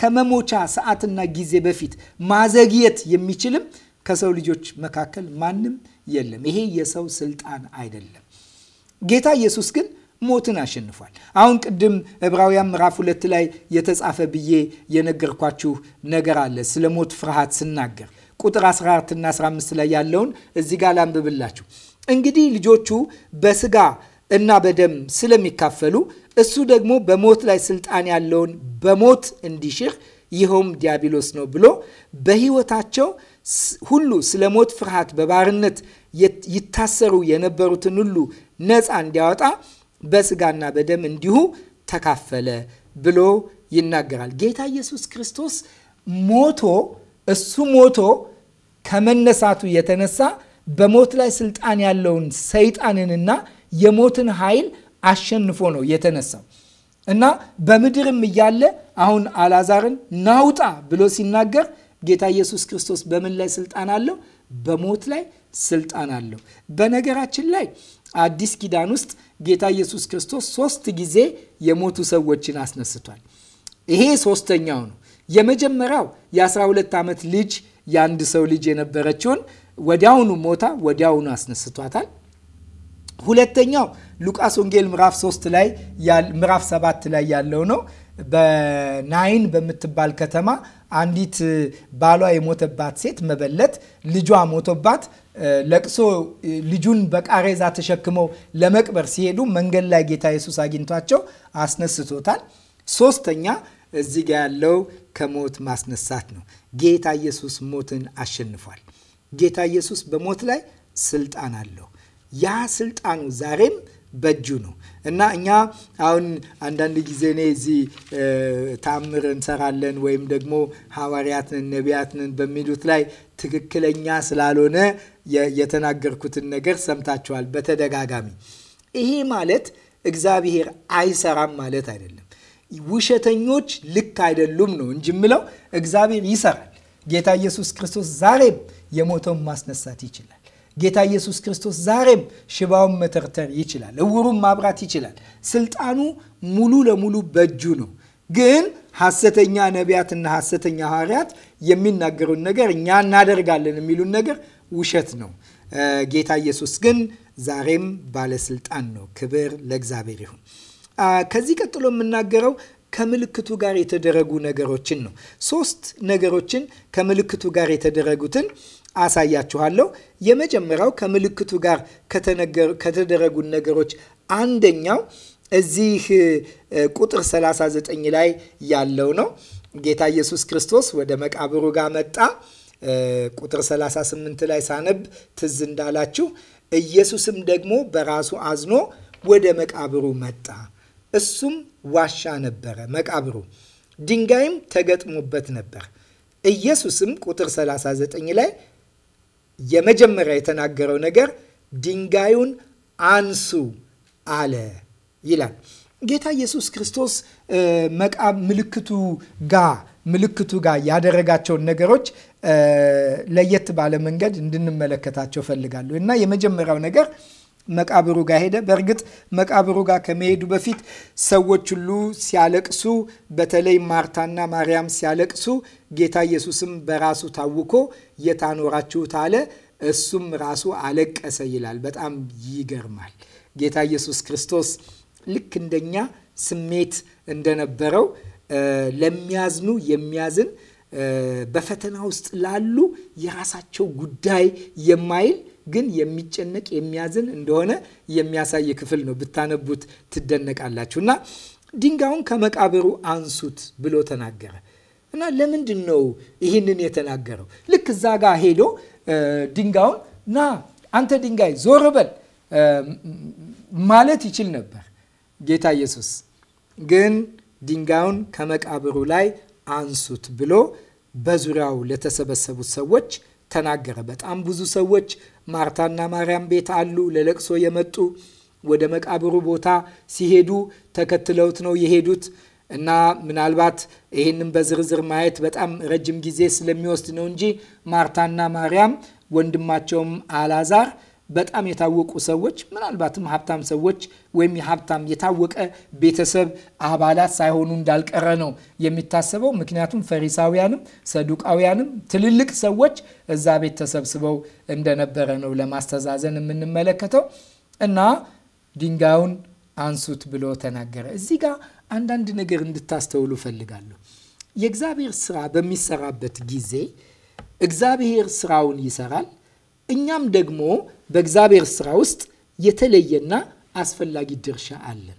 ከመሞቻ ሰዓትና ጊዜ በፊት ማዘግየት የሚችልም ከሰው ልጆች መካከል ማንም የለም። ይሄ የሰው ስልጣን አይደለም። ጌታ ኢየሱስ ግን ሞትን አሸንፏል። አሁን ቅድም ዕብራውያን ምዕራፍ ሁለት ላይ የተጻፈ ብዬ የነገርኳችሁ ነገር አለ ስለ ሞት ፍርሃት ስናገር ቁጥር 14 እና 15 ላይ ያለውን እዚህ ጋር ላንብብላችሁ። እንግዲህ ልጆቹ በስጋ እና በደም ስለሚካፈሉ እሱ ደግሞ በሞት ላይ ስልጣን ያለውን በሞት እንዲሽር ይኸውም ዲያብሎስ ነው ብሎ በሕይወታቸው ሁሉ ስለ ሞት ፍርሃት በባርነት ይታሰሩ የነበሩትን ሁሉ ነፃ እንዲያወጣ በስጋና በደም እንዲሁ ተካፈለ ብሎ ይናገራል። ጌታ ኢየሱስ ክርስቶስ ሞቶ እሱ ሞቶ ከመነሳቱ የተነሳ በሞት ላይ ስልጣን ያለውን ሰይጣንንና የሞትን ኃይል አሸንፎ ነው የተነሳው እና በምድርም እያለ አሁን አላዛርን ናውጣ ብሎ ሲናገር ጌታ ኢየሱስ ክርስቶስ በምን ላይ ስልጣን አለው? በሞት ላይ ስልጣን አለው። በነገራችን ላይ አዲስ ኪዳን ውስጥ ጌታ ኢየሱስ ክርስቶስ ሶስት ጊዜ የሞቱ ሰዎችን አስነስቷል። ይሄ ሶስተኛው ነው። የመጀመሪያው የ12 ዓመት ልጅ የአንድ ሰው ልጅ የነበረችውን ወዲያውኑ ሞታ ወዲያውኑ አስነስቷታል። ሁለተኛው ሉቃስ ወንጌል ምዕራፍ 3 ላይ ምዕራፍ 7 ላይ ያለው ነው። በናይን በምትባል ከተማ አንዲት ባሏ የሞተባት ሴት መበለት ልጇ ሞቶባት ለቅሶ ልጁን በቃሬዛ ተሸክመው ለመቅበር ሲሄዱ መንገድ ላይ ጌታ ኢየሱስ አግኝቷቸው አስነስቶታል። ሶስተኛ እዚህ ጋ ያለው ከሞት ማስነሳት ነው። ጌታ ኢየሱስ ሞትን አሸንፏል። ጌታ ኢየሱስ በሞት ላይ ስልጣን አለው። ያ ስልጣኑ ዛሬም በእጁ ነው እና እኛ አሁን አንዳንድ ጊዜ እኔ እዚህ ታምር እንሰራለን ወይም ደግሞ ሐዋርያትን ነቢያትንን በሚሉት ላይ ትክክለኛ ስላልሆነ የተናገርኩትን ነገር ሰምታችኋል በተደጋጋሚ። ይሄ ማለት እግዚአብሔር አይሰራም ማለት አይደለም። ውሸተኞች ልክ አይደሉም ነው እንጂ ምለው እግዚአብሔር ይሰራል። ጌታ ኢየሱስ ክርስቶስ ዛሬም የሞተውን ማስነሳት ይችላል። ጌታ ኢየሱስ ክርስቶስ ዛሬም ሽባውን መተርተር ይችላል፣ እውሩን ማብራት ይችላል። ስልጣኑ ሙሉ ለሙሉ በእጁ ነው። ግን ሐሰተኛ ነቢያትና ሐሰተኛ ሐዋርያት የሚናገሩን ነገር እኛ እናደርጋለን የሚሉን ነገር ውሸት ነው። ጌታ ኢየሱስ ግን ዛሬም ባለስልጣን ነው። ክብር ለእግዚአብሔር ይሁን። ከዚህ ቀጥሎ የምናገረው ከምልክቱ ጋር የተደረጉ ነገሮችን ነው። ሶስት ነገሮችን ከምልክቱ ጋር የተደረጉትን አሳያችኋለሁ። የመጀመሪያው ከምልክቱ ጋር ከተደረጉን ነገሮች አንደኛው እዚህ ቁጥር 39 ላይ ያለው ነው። ጌታ ኢየሱስ ክርስቶስ ወደ መቃብሩ ጋር መጣ። ቁጥር 38 ላይ ሳነብ ትዝ እንዳላችሁ ኢየሱስም ደግሞ በራሱ አዝኖ ወደ መቃብሩ መጣ። እሱም ዋሻ ነበረ መቃብሩ፣ ድንጋይም ተገጥሞበት ነበር። ኢየሱስም ቁጥር 39 ላይ የመጀመሪያ የተናገረው ነገር ድንጋዩን አንሱ አለ ይላል። ጌታ ኢየሱስ ክርስቶስ መቃ ምልክቱ ጋ ምልክቱ ጋር ያደረጋቸውን ነገሮች ለየት ባለ መንገድ እንድንመለከታቸው ፈልጋለሁ እና የመጀመሪያው ነገር መቃብሩ ጋር ሄደ። በእርግጥ መቃብሩ ጋር ከመሄዱ በፊት ሰዎች ሁሉ ሲያለቅሱ፣ በተለይ ማርታና ማርያም ሲያለቅሱ፣ ጌታ ኢየሱስም በራሱ ታውኮ የት አኖራችሁት አለ። እሱም ራሱ አለቀሰ ይላል። በጣም ይገርማል። ጌታ ኢየሱስ ክርስቶስ ልክ እንደኛ ስሜት እንደነበረው ለሚያዝኑ የሚያዝን በፈተና ውስጥ ላሉ የራሳቸው ጉዳይ የማይል ግን የሚጨነቅ የሚያዝን እንደሆነ የሚያሳይ ክፍል ነው። ብታነቡት ትደነቃላችሁ። እና ድንጋዩን ከመቃብሩ አንሱት ብሎ ተናገረ። እና ለምንድን ነው ይህንን የተናገረው? ልክ እዛ ጋ ሄዶ ድንጋዩን ና አንተ ድንጋይ ዞር በል ማለት ይችል ነበር ጌታ ኢየሱስ ግን ድንጋዩን ከመቃብሩ ላይ አንሱት ብሎ በዙሪያው ለተሰበሰቡት ሰዎች ተናገረ። በጣም ብዙ ሰዎች ማርታና ማርያም ቤት አሉ። ለለቅሶ የመጡ ወደ መቃብሩ ቦታ ሲሄዱ ተከትለውት ነው የሄዱት እና ምናልባት ይህንም በዝርዝር ማየት በጣም ረጅም ጊዜ ስለሚወስድ ነው እንጂ ማርታና ማርያም ወንድማቸውም አላዛር በጣም የታወቁ ሰዎች ምናልባትም ሀብታም ሰዎች ወይም የሀብታም የታወቀ ቤተሰብ አባላት ሳይሆኑ እንዳልቀረ ነው የሚታሰበው። ምክንያቱም ፈሪሳውያንም ሰዱቃውያንም ትልልቅ ሰዎች እዛ ቤት ተሰብስበው እንደነበረ ነው ለማስተዛዘን የምንመለከተው እና ድንጋዩን አንሱት ብሎ ተናገረ። እዚህ ጋር አንዳንድ ነገር እንድታስተውሉ ፈልጋለሁ የእግዚአብሔር ስራ በሚሰራበት ጊዜ እግዚአብሔር ስራውን ይሰራል እኛም ደግሞ በእግዚአብሔር ስራ ውስጥ የተለየና አስፈላጊ ድርሻ አለን።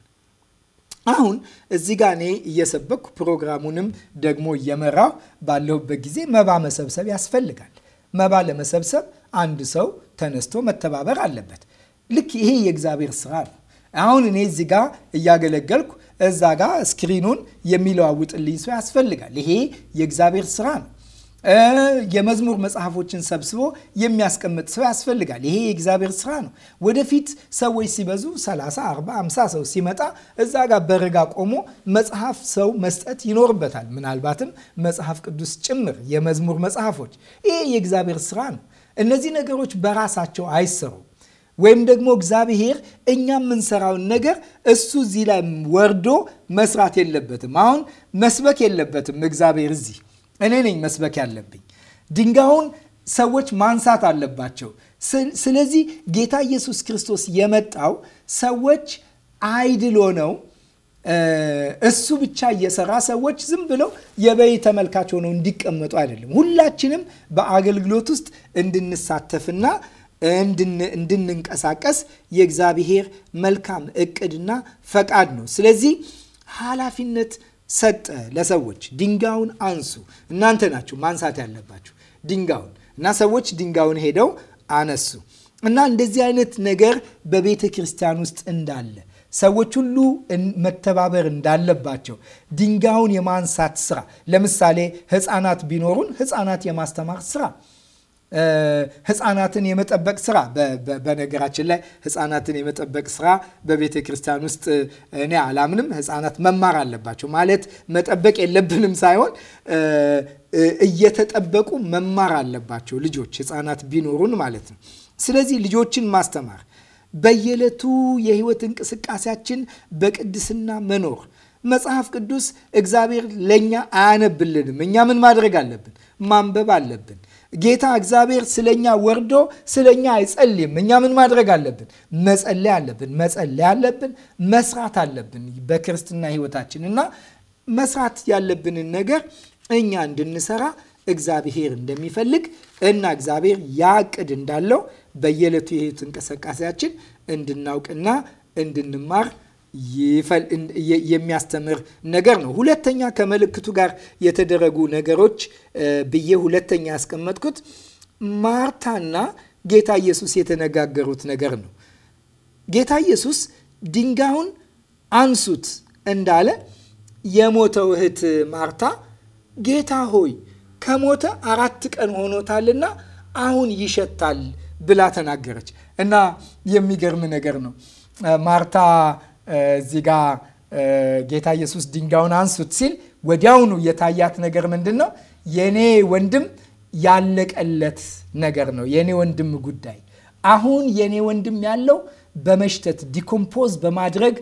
አሁን እዚህ ጋ እኔ እየሰበኩ ፕሮግራሙንም ደግሞ እየመራው ባለሁበት ጊዜ መባ መሰብሰብ ያስፈልጋል። መባ ለመሰብሰብ አንድ ሰው ተነስቶ መተባበር አለበት። ልክ ይሄ የእግዚአብሔር ስራ ነው። አሁን እኔ እዚህ ጋ እያገለገልኩ እዛ ጋ ስክሪኑን የሚለዋውጥልኝ ሰው ያስፈልጋል። ይሄ የእግዚአብሔር ስራ ነው። የመዝሙር መጽሐፎችን ሰብስቦ የሚያስቀምጥ ሰው ያስፈልጋል። ይሄ የእግዚአብሔር ስራ ነው። ወደፊት ሰዎች ሲበዙ 30፣ 40፣ 50 ሰው ሲመጣ እዛ ጋር በረጋ ቆሞ መጽሐፍ ሰው መስጠት ይኖርበታል። ምናልባትም መጽሐፍ ቅዱስ ጭምር የመዝሙር መጽሐፎች። ይሄ የእግዚአብሔር ስራ ነው። እነዚህ ነገሮች በራሳቸው አይሰሩ ወይም ደግሞ እግዚአብሔር እኛ የምንሰራውን ነገር እሱ እዚህ ላይ ወርዶ መስራት የለበትም። አሁን መስበክ የለበትም እግዚአብሔር እዚህ እኔ ነኝ መስበክ ያለብኝ። ድንጋዩን ሰዎች ማንሳት አለባቸው። ስለዚህ ጌታ ኢየሱስ ክርስቶስ የመጣው ሰዎች አይድሎ ነው እሱ ብቻ እየሰራ ሰዎች ዝም ብለው የበይ ተመልካች ሆነው እንዲቀመጡ አይደለም። ሁላችንም በአገልግሎት ውስጥ እንድንሳተፍና እንድንንቀሳቀስ የእግዚአብሔር መልካም እቅድና ፈቃድ ነው። ስለዚህ ኃላፊነት ሰጠ ለሰዎች ድንጋዩን አንሱ። እናንተ ናችሁ ማንሳት ያለባችሁ ድንጋዩን እና ሰዎች ድንጋዩን ሄደው አነሱ እና እንደዚህ አይነት ነገር በቤተ ክርስቲያን ውስጥ እንዳለ ሰዎች ሁሉ መተባበር እንዳለባቸው ድንጋዩን የማንሳት ስራ ለምሳሌ ህፃናት ቢኖሩን ህፃናት የማስተማር ስራ ህፃናትን የመጠበቅ ስራ በነገራችን ላይ ህፃናትን የመጠበቅ ስራ በቤተ ክርስቲያን ውስጥ እኔ አላምንም። ህፃናት መማር አለባቸው ማለት መጠበቅ የለብንም ሳይሆን እየተጠበቁ መማር አለባቸው ልጆች ህፃናት ቢኖሩን ማለት ነው። ስለዚህ ልጆችን ማስተማር በየዕለቱ የህይወት እንቅስቃሴያችን በቅድስና መኖር መጽሐፍ ቅዱስ እግዚአብሔር ለእኛ አያነብልንም። እኛ ምን ማድረግ አለብን? ማንበብ አለብን ጌታ እግዚአብሔር ስለኛ ወርዶ ስለኛ አይጸልይም። እኛ ምን ማድረግ አለብን? መጸለይ አለብን። መጸለይ አለብን። መስራት አለብን በክርስትና ህይወታችን እና መስራት ያለብንን ነገር እኛ እንድንሰራ እግዚአብሔር እንደሚፈልግ እና እግዚአብሔር ያቅድ እንዳለው በየዕለቱ የህይወት እንቅስቃሴያችን እንድናውቅና እንድንማር የሚያስተምር ነገር ነው። ሁለተኛ ከምልክቱ ጋር የተደረጉ ነገሮች ብዬ ሁለተኛ ያስቀመጥኩት ማርታና ጌታ ኢየሱስ የተነጋገሩት ነገር ነው። ጌታ ኢየሱስ ድንጋዩን አንሱት እንዳለ የሞተው እህት ማርታ ጌታ ሆይ ከሞተ አራት ቀን ሆኖታልና አሁን ይሸታል ብላ ተናገረች እና የሚገርም ነገር ነው ማርታ እዚህ ጋ ጌታ ኢየሱስ ድንጋዩን አንሱት ሲል ወዲያውኑ የታያት ነገር ምንድን ነው? የኔ ወንድም ያለቀለት ነገር ነው። የኔ ወንድም ጉዳይ አሁን የኔ ወንድም ያለው በመሽተት ዲኮምፖዝ በማድረግ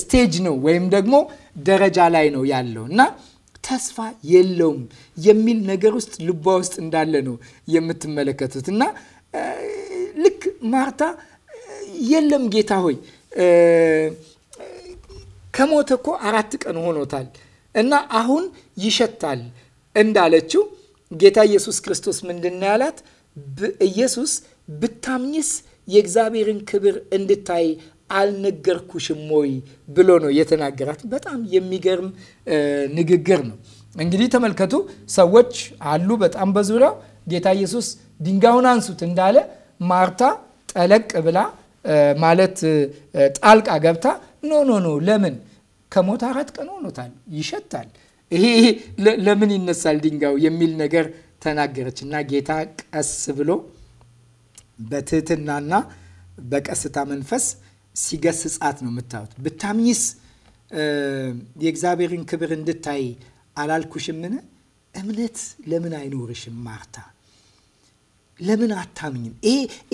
ስቴጅ ነው ወይም ደግሞ ደረጃ ላይ ነው ያለው እና ተስፋ የለውም የሚል ነገር ውስጥ ልቧ ውስጥ እንዳለ ነው የምትመለከቱት እና ልክ ማርታ የለም ጌታ ሆይ ከሞተ እኮ አራት ቀን ሆኖታል እና አሁን ይሸታል እንዳለችው ጌታ ኢየሱስ ክርስቶስ ምንድን ያላት? ኢየሱስ ብታምኝስ የእግዚአብሔርን ክብር እንድታይ አልነገርኩሽም ወይ ብሎ ነው የተናገራት። በጣም የሚገርም ንግግር ነው። እንግዲህ ተመልከቱ፣ ሰዎች አሉ በጣም በዙሪያው ጌታ ኢየሱስ ድንጋዩን አንሱት እንዳለ ማርታ ጠለቅ ብላ ማለት ጣልቃ ገብታ ኖ ኖ ኖ ለምን ከሞት አራት ቀን ሆኖታል፣ ይሸታል፣ ይሄ ለምን ይነሳል ድንጋዩ የሚል ነገር ተናገረች እና ጌታ ቀስ ብሎ በትህትናና በቀስታ መንፈስ ሲገስጻት ነው የምታዩት። ብታምኝስ የእግዚአብሔርን ክብር እንድታይ አላልኩሽምን? እምነት ለምን አይኖርሽም ማርታ ለምን አታምኝም?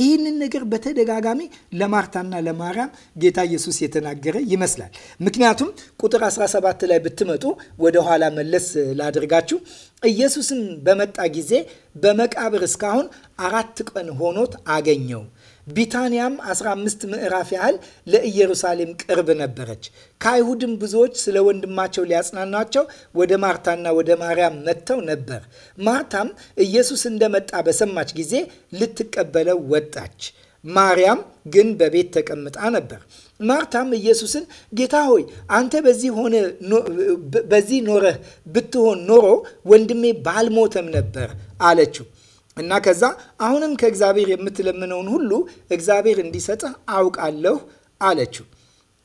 ይህንን ነገር በተደጋጋሚ ለማርታና ለማርያም ጌታ ኢየሱስ የተናገረ ይመስላል። ምክንያቱም ቁጥር 17 ላይ ብትመጡ ወደኋላ መለስ ላድርጋችሁ። ኢየሱስም በመጣ ጊዜ በመቃብር እስካሁን አራት ቀን ሆኖት አገኘው ቢታንያም 15 ምዕራፍ ያህል ለኢየሩሳሌም ቅርብ ነበረች። ከአይሁድም ብዙዎች ስለ ወንድማቸው ሊያጽናናቸው ወደ ማርታና ወደ ማርያም መጥተው ነበር። ማርታም ኢየሱስ እንደመጣ በሰማች ጊዜ ልትቀበለው ወጣች። ማርያም ግን በቤት ተቀምጣ ነበር። ማርታም ኢየሱስን ጌታ ሆይ አንተ በዚህ ሆነ በዚህ ኖረህ ብትሆን ኖሮ ወንድሜ ባልሞተም ነበር አለችው። እና ከዛ አሁንም ከእግዚአብሔር የምትለምነውን ሁሉ እግዚአብሔር እንዲሰጥህ አውቃለሁ አለችው።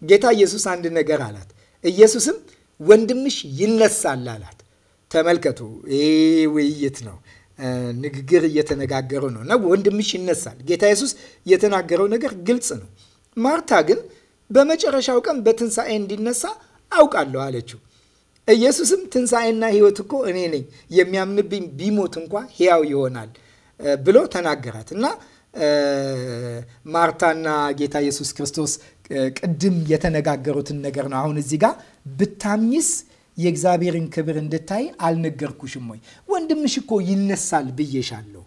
ጌታ ኢየሱስ አንድ ነገር አላት። ኢየሱስም ወንድምሽ ይነሳል አላት። ተመልከቱ፣ ይህ ውይይት ነው፣ ንግግር እየተነጋገሩ ነው። እና ወንድምሽ ይነሳል። ጌታ ኢየሱስ የተናገረው ነገር ግልጽ ነው። ማርታ ግን በመጨረሻው ቀን በትንሣኤ እንዲነሳ አውቃለሁ አለችው። ኢየሱስም ትንሣኤና ሕይወት እኮ እኔ ነኝ፣ የሚያምንብኝ ቢሞት እንኳ ሕያው ይሆናል ብሎ ተናገራት እና ማርታና ጌታ ኢየሱስ ክርስቶስ ቅድም የተነጋገሩትን ነገር ነው። አሁን እዚህ ጋር ብታምኝስ የእግዚአብሔርን ክብር እንድታይ አልነገርኩሽም ወይ? ወንድምሽ እኮ ይነሳል ብዬሻለሁ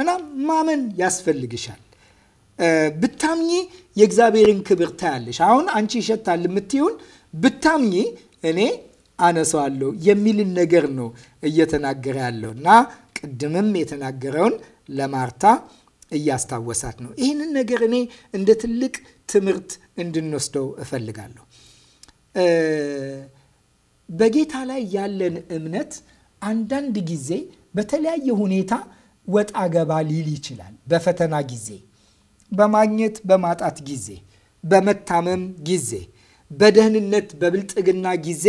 እና ማመን ያስፈልግሻል። ብታምኚ የእግዚአብሔርን ክብር ታያለሽ። አሁን አንቺ ይሸታል የምትይውን ብታምኚ እኔ አነሳዋለሁ የሚልን ነገር ነው እየተናገረ ያለው እና ቅድምም የተናገረውን ለማርታ እያስታወሳት ነው። ይህንን ነገር እኔ እንደ ትልቅ ትምህርት እንድንወስደው እፈልጋለሁ። በጌታ ላይ ያለን እምነት አንዳንድ ጊዜ በተለያየ ሁኔታ ወጣ ገባ ሊል ይችላል። በፈተና ጊዜ፣ በማግኘት በማጣት ጊዜ፣ በመታመም ጊዜ፣ በደህንነት በብልጥግና ጊዜ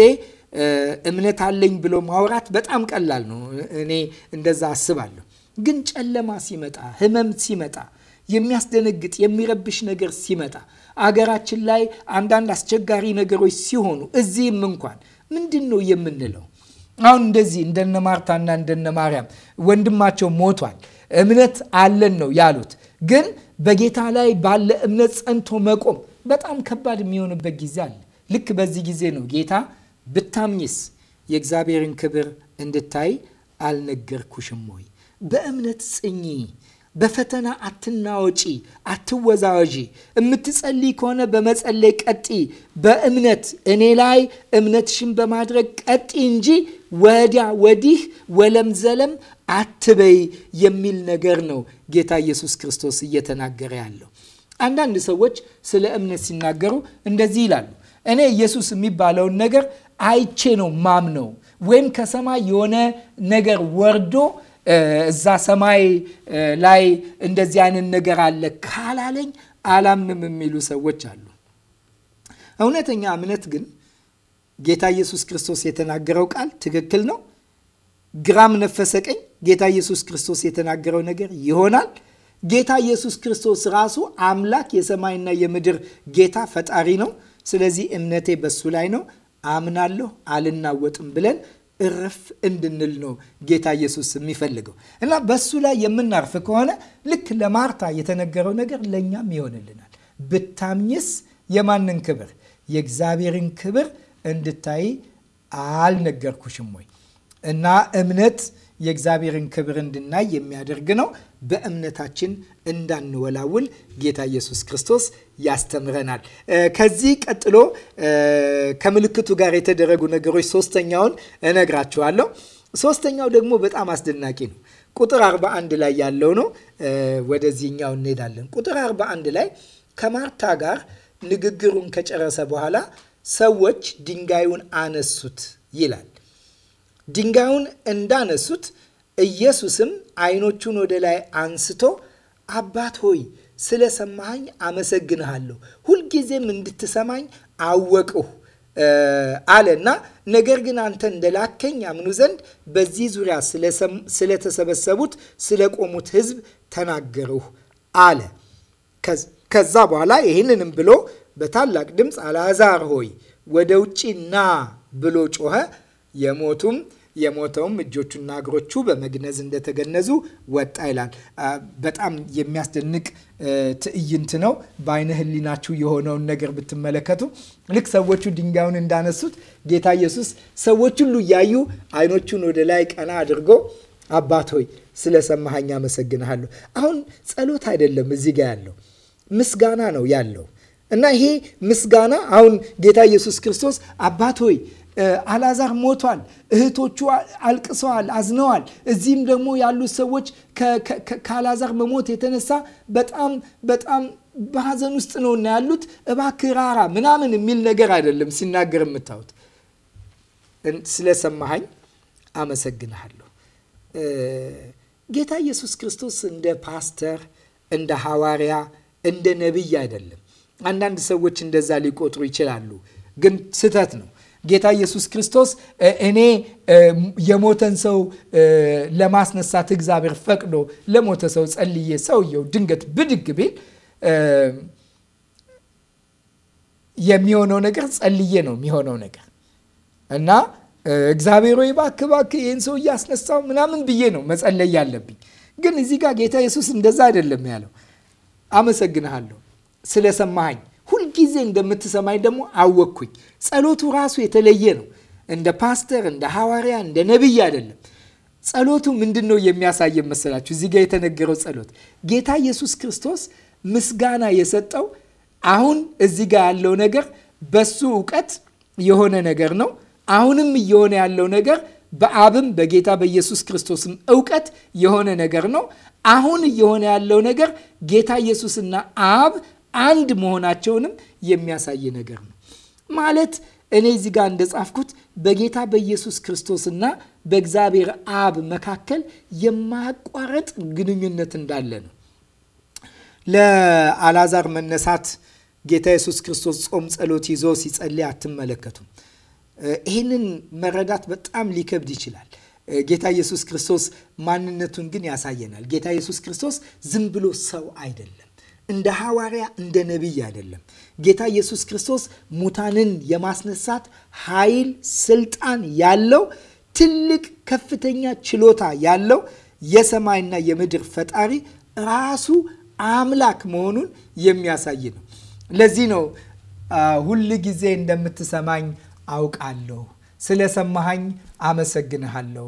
እምነት አለኝ ብሎ ማውራት በጣም ቀላል ነው። እኔ እንደዛ አስባለሁ። ግን ጨለማ ሲመጣ፣ ህመም ሲመጣ፣ የሚያስደነግጥ የሚረብሽ ነገር ሲመጣ፣ አገራችን ላይ አንዳንድ አስቸጋሪ ነገሮች ሲሆኑ እዚህም እንኳን ምንድን ነው የምንለው? አሁን እንደዚህ እንደነ ማርታና እንደነ ማርያም ወንድማቸው ሞቷል። እምነት አለን ነው ያሉት። ግን በጌታ ላይ ባለ እምነት ጸንቶ መቆም በጣም ከባድ የሚሆንበት ጊዜ አለ። ልክ በዚህ ጊዜ ነው ጌታ ብታምኝስ የእግዚአብሔርን ክብር እንድታይ አልነገርኩሽም ወይ? በእምነት ጽኚ፣ በፈተና አትናወጪ፣ አትወዛወዢ። የምትጸልይ ከሆነ በመጸለይ ቀጢ፣ በእምነት እኔ ላይ እምነትሽን በማድረግ ቀጢ እንጂ ወዲያ ወዲህ ወለም ዘለም አትበይ የሚል ነገር ነው ጌታ ኢየሱስ ክርስቶስ እየተናገረ ያለው። አንዳንድ ሰዎች ስለ እምነት ሲናገሩ እንደዚህ ይላሉ እኔ ኢየሱስ የሚባለውን ነገር አይቼ ነው ማምነው ወይም ከሰማይ የሆነ ነገር ወርዶ እዛ ሰማይ ላይ እንደዚህ አይነት ነገር አለ ካላለኝ አላምንም የሚሉ ሰዎች አሉ። እውነተኛ እምነት ግን ጌታ ኢየሱስ ክርስቶስ የተናገረው ቃል ትክክል ነው። ግራም ነፈሰ ቀኝ ጌታ ኢየሱስ ክርስቶስ የተናገረው ነገር ይሆናል። ጌታ ኢየሱስ ክርስቶስ ራሱ አምላክ የሰማይና የምድር ጌታ ፈጣሪ ነው። ስለዚህ እምነቴ በሱ ላይ ነው፣ አምናለሁ፣ አልናወጥም ብለን እርፍ እንድንል ነው ጌታ ኢየሱስ የሚፈልገው እና በሱ ላይ የምናርፍ ከሆነ ልክ ለማርታ የተነገረው ነገር ለእኛም ይሆንልናል። ብታምኝስ የማንን ክብር? የእግዚአብሔርን ክብር እንድታይ አልነገርኩሽም ወይ? እና እምነት የእግዚአብሔርን ክብር እንድናይ የሚያደርግ ነው። በእምነታችን እንዳንወላውል ጌታ ኢየሱስ ክርስቶስ ያስተምረናል። ከዚህ ቀጥሎ ከምልክቱ ጋር የተደረጉ ነገሮች ሶስተኛውን እነግራችኋለሁ። ሶስተኛው ደግሞ በጣም አስደናቂ ነው። ቁጥር 41 ላይ ያለው ነው። ወደዚህኛው እንሄዳለን። ቁጥር 41 ላይ ከማርታ ጋር ንግግሩን ከጨረሰ በኋላ ሰዎች ድንጋዩን አነሱት ይላል። ድንጋዩን እንዳነሱት ኢየሱስም አይኖቹን ወደ ላይ አንስቶ አባት ሆይ ስለ ሰማኸኝ አመሰግንሃለሁ፣ ሁልጊዜም እንድትሰማኝ አወቅሁ አለና ነገር ግን አንተ እንደላከኝ ያምኑ ዘንድ በዚህ ዙሪያ ስለተሰበሰቡት ስለቆሙት ሕዝብ ተናገርሁ አለ። ከዛ በኋላ ይህንንም ብሎ በታላቅ ድምፅ አልዓዛር ሆይ ወደ ውጪ ና ብሎ ጮኸ። የሞቱም የሞተውም እጆቹና እግሮቹ በመግነዝ እንደተገነዙ ወጣ ይላል። በጣም የሚያስደንቅ ትዕይንት ነው። በአይነ ህሊናችሁ የሆነውን ነገር ብትመለከቱ ልክ ሰዎቹ ድንጋዩን እንዳነሱት ጌታ ኢየሱስ ሰዎች ሁሉ እያዩ አይኖቹን ወደ ላይ ቀና አድርጎ አባት ሆይ ስለሰማኸኝ አመሰግንሃለሁ። አሁን ጸሎት አይደለም እዚህ ጋር ያለው ምስጋና ነው ያለው እና ይሄ ምስጋና አሁን ጌታ ኢየሱስ ክርስቶስ አባት ሆይ አላዛር ሞቷል። እህቶቹ አልቅሰዋል፣ አዝነዋል። እዚህም ደግሞ ያሉት ሰዎች ከአላዛር መሞት የተነሳ በጣም በጣም በሀዘን ውስጥ ነውና ያሉት እባክህ ራራ ምናምን የሚል ነገር አይደለም ሲናገር የምታዩት። ስለሰማሃኝ አመሰግንሃለሁ። ጌታ ኢየሱስ ክርስቶስ እንደ ፓስተር፣ እንደ ሐዋርያ፣ እንደ ነቢይ አይደለም። አንዳንድ ሰዎች እንደዛ ሊቆጥሩ ይችላሉ፣ ግን ስህተት ነው። ጌታ ኢየሱስ ክርስቶስ እኔ የሞተን ሰው ለማስነሳት እግዚአብሔር ፈቅዶ ለሞተ ሰው ጸልዬ ሰውየው ድንገት ብድግ ቢል የሚሆነው ነገር ጸልዬ ነው የሚሆነው ነገር እና እግዚአብሔር ወይ እባክህ እባክህ ይህን ሰው እያስነሳው ምናምን ብዬ ነው መጸለይ ያለብኝ። ግን እዚህ ጋር ጌታ ኢየሱስ እንደዛ አይደለም ያለው። አመሰግንሃለሁ ስለሰማኸኝ ጊዜ እንደምትሰማኝ ደግሞ አወቅኩኝ። ጸሎቱ ራሱ የተለየ ነው። እንደ ፓስተር፣ እንደ ሐዋርያ፣ እንደ ነቢይ አይደለም። ጸሎቱ ምንድን ነው የሚያሳየ መሰላችሁ? እዚህ ጋር የተነገረው ጸሎት ጌታ ኢየሱስ ክርስቶስ ምስጋና የሰጠው አሁን እዚህ ጋር ያለው ነገር በሱ እውቀት የሆነ ነገር ነው። አሁንም እየሆነ ያለው ነገር በአብም በጌታ በኢየሱስ ክርስቶስም እውቀት የሆነ ነገር ነው። አሁን እየሆነ ያለው ነገር ጌታ ኢየሱስና አብ አንድ መሆናቸውንም የሚያሳይ ነገር ነው ማለት እኔ እዚህ ጋር እንደጻፍኩት በጌታ በኢየሱስ ክርስቶስና በእግዚአብሔር አብ መካከል የማያቋረጥ ግንኙነት እንዳለ ነው። ለአላዛር መነሳት ጌታ ኢየሱስ ክርስቶስ ጾም፣ ጸሎት ይዞ ሲጸልይ አትመለከቱም። ይህንን መረዳት በጣም ሊከብድ ይችላል። ጌታ ኢየሱስ ክርስቶስ ማንነቱን ግን ያሳየናል። ጌታ ኢየሱስ ክርስቶስ ዝም ብሎ ሰው አይደለም። እንደ ሐዋርያ እንደ ነቢይ አይደለም። ጌታ ኢየሱስ ክርስቶስ ሙታንን የማስነሳት ኃይል፣ ስልጣን ያለው ትልቅ ከፍተኛ ችሎታ ያለው የሰማይና የምድር ፈጣሪ ራሱ አምላክ መሆኑን የሚያሳይ ነው። ለዚህ ነው ሁል ጊዜ እንደምትሰማኝ አውቃለሁ፣ ስለሰማሃኝ አመሰግንሃለሁ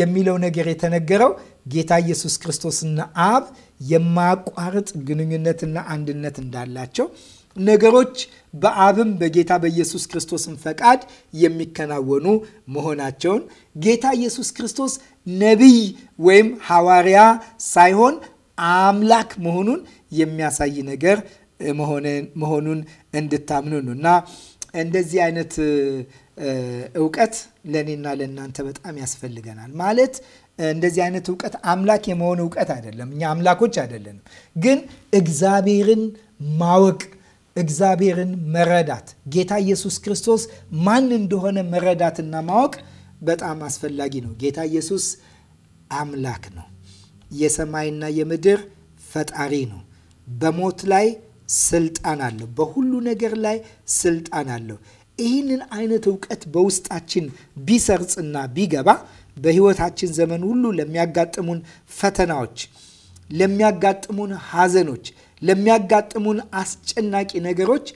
የሚለው ነገር የተነገረው ጌታ ኢየሱስ ክርስቶስና አብ የማቋረጥ ግንኙነትና አንድነት እንዳላቸው ነገሮች በአብም በጌታ በኢየሱስ ክርስቶስም ፈቃድ የሚከናወኑ መሆናቸውን ጌታ ኢየሱስ ክርስቶስ ነቢይ ወይም ሐዋርያ ሳይሆን አምላክ መሆኑን የሚያሳይ ነገር መሆኑን እንድታምኑ ነው እና እንደዚህ አይነት እውቀት ለእኔና ለእናንተ በጣም ያስፈልገናል ማለት እንደዚህ አይነት እውቀት አምላክ የመሆን እውቀት አይደለም። እኛ አምላኮች አይደለንም፣ ግን እግዚአብሔርን ማወቅ እግዚአብሔርን መረዳት ጌታ ኢየሱስ ክርስቶስ ማን እንደሆነ መረዳትና ማወቅ በጣም አስፈላጊ ነው። ጌታ ኢየሱስ አምላክ ነው። የሰማይና የምድር ፈጣሪ ነው። በሞት ላይ ስልጣን አለው። በሁሉ ነገር ላይ ስልጣን አለው። ይህንን አይነት እውቀት በውስጣችን ቢሰርጽና ቢገባ በሕይወታችን ዘመን ሁሉ ለሚያጋጥሙን ፈተናዎች፣ ለሚያጋጥሙን ሐዘኖች ለሚያጋጥሙን አስጨናቂ ነገሮች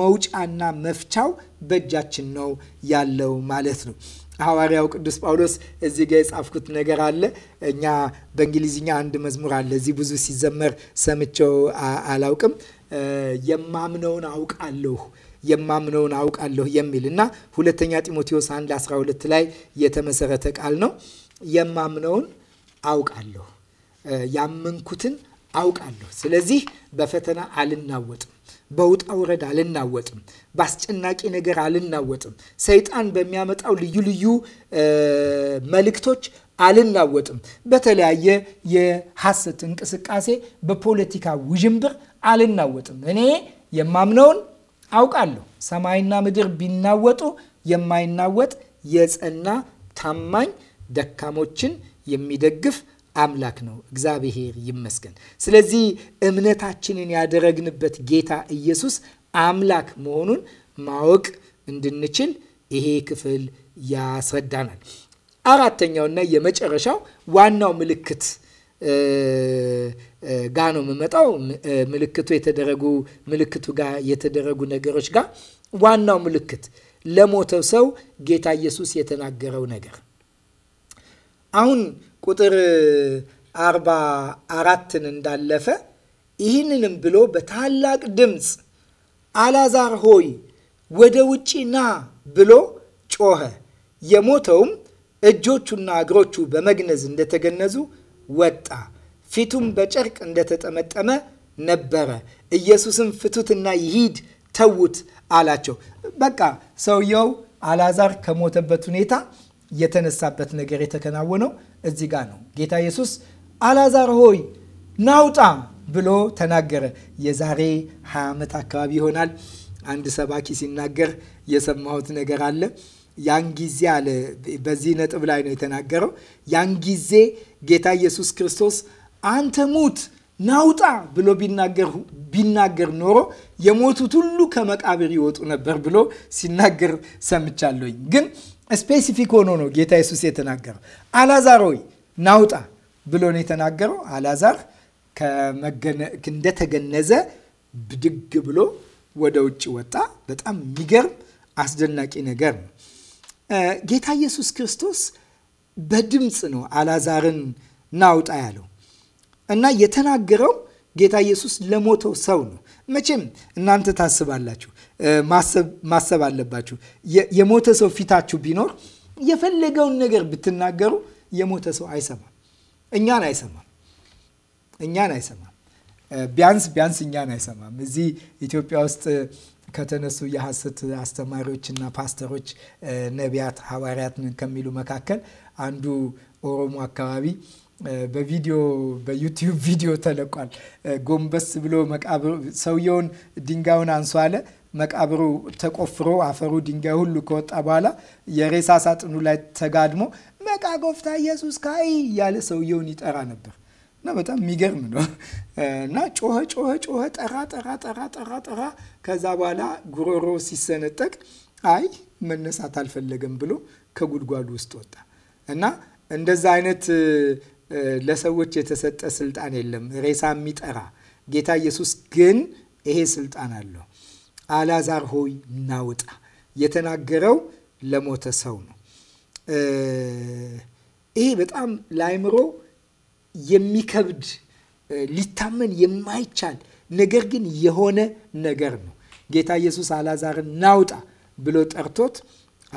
መውጫና መፍቻው በእጃችን ነው ያለው ማለት ነው። ሐዋርያው ቅዱስ ጳውሎስ እዚህ ጋ የጻፍኩት ነገር አለ። እኛ በእንግሊዝኛ አንድ መዝሙር አለ። እዚህ ብዙ ሲዘመር ሰምቼው አላውቅም። የማምነውን አውቃለሁ የማምነውን አውቃለሁ የሚል እና ሁለተኛ ጢሞቴዎስ 1 12 ላይ የተመሰረተ ቃል ነው። የማምነውን አውቃለሁ ያመንኩትን አውቃለሁ። ስለዚህ በፈተና አልናወጥም፣ በውጣ ውረድ አልናወጥም፣ በአስጨናቂ ነገር አልናወጥም፣ ሰይጣን በሚያመጣው ልዩ ልዩ መልእክቶች አልናወጥም፣ በተለያየ የሐሰት እንቅስቃሴ፣ በፖለቲካ ውዥንብር አልናወጥም። እኔ የማምነውን አውቃለሁ። ሰማይና ምድር ቢናወጡ የማይናወጥ የጸና ታማኝ ደካሞችን የሚደግፍ አምላክ ነው። እግዚአብሔር ይመስገን። ስለዚህ እምነታችንን ያደረግንበት ጌታ ኢየሱስ አምላክ መሆኑን ማወቅ እንድንችል ይሄ ክፍል ያስረዳናል። አራተኛውና የመጨረሻው ዋናው ምልክት ጋ ነው የምመጣው። ምልክቱ የተደረጉ ምልክቱ ጋር የተደረጉ ነገሮች ጋር ዋናው ምልክት ለሞተው ሰው ጌታ ኢየሱስ የተናገረው ነገር አሁን ቁጥር አርባ አራትን እንዳለፈ ይህንንም ብሎ በታላቅ ድምፅ አላዛር ሆይ ወደ ውጪ ና ብሎ ጮኸ። የሞተውም እጆቹና እግሮቹ በመግነዝ እንደተገነዙ ወጣ፣ ፊቱም በጨርቅ እንደተጠመጠመ ነበረ። ኢየሱስም ፍቱትና ይሂድ ተዉት አላቸው። በቃ ሰውየው አላዛር ከሞተበት ሁኔታ የተነሳበት ነገር የተከናወነው እዚህ ጋር ነው። ጌታ ኢየሱስ አላዛር ሆይ ናውጣ ብሎ ተናገረ። የዛሬ 20 ዓመት አካባቢ ይሆናል አንድ ሰባኪ ሲናገር የሰማሁት ነገር አለ። ያን ጊዜ አለ፣ በዚህ ነጥብ ላይ ነው የተናገረው። ያን ጊዜ ጌታ ኢየሱስ ክርስቶስ አንተ ሙት ናውጣ ብሎ ቢናገር ኖሮ የሞቱት ሁሉ ከመቃብር ይወጡ ነበር ብሎ ሲናገር ሰምቻለሁኝ ግን ስፔሲፊክ ሆኖ ነው ጌታ ኢየሱስ የተናገረው። አላዛር ሆይ ናውጣ ብሎ ነው የተናገረው። አላዛር እንደተገነዘ ብድግ ብሎ ወደ ውጭ ወጣ። በጣም የሚገርም አስደናቂ ነገር ነው። ጌታ ኢየሱስ ክርስቶስ በድምፅ ነው አላዛርን ናውጣ ያለው እና የተናገረው ጌታ ኢየሱስ ለሞተው ሰው ነው። መቼም እናንተ ታስባላችሁ ማሰብ አለባችሁ። የሞተ ሰው ፊታችሁ ቢኖር የፈለገውን ነገር ብትናገሩ የሞተ ሰው አይሰማም፣ እኛን አይሰማም፣ እኛን አይሰማም። ቢያንስ ቢያንስ እኛን አይሰማም። እዚህ ኢትዮጵያ ውስጥ ከተነሱ የሐሰት አስተማሪዎችና ፓስተሮች፣ ነቢያት፣ ሐዋርያት ከሚሉ መካከል አንዱ ኦሮሞ አካባቢ በቪዲዮ በዩቲዩብ ቪዲዮ ተለቋል። ጎንበስ ብሎ መቃብር ሰውየውን ድንጋዩን አንሶ አለ መቃብሩ ተቆፍሮ አፈሩ ድንጋይ ሁሉ ከወጣ በኋላ የሬሳ ሳጥኑ ላይ ተጋድሞ መቃ ጎፍታ ኢየሱስ ካይ እያለ ሰውየውን ይጠራ ነበር እና በጣም የሚገርም ነው። እና ጮኸ ጮኸ ጮኸ ጠራ ጠራ ጠራ ጠራ ጠራ። ከዛ በኋላ ጉሮሮ ሲሰነጠቅ አይ መነሳት አልፈለገም ብሎ ከጉድጓዱ ውስጥ ወጣ እና እንደዛ አይነት ለሰዎች የተሰጠ ስልጣን የለም ሬሳ የሚጠራ ጌታ ኢየሱስ ግን ይሄ ስልጣን አለው። አላዛር ሆይ ናውጣ የተናገረው ለሞተ ሰው ነው። ይሄ በጣም ለአይምሮ የሚከብድ ሊታመን የማይቻል ነገር ግን የሆነ ነገር ነው። ጌታ ኢየሱስ አላዛርን ናውጣ ብሎ ጠርቶት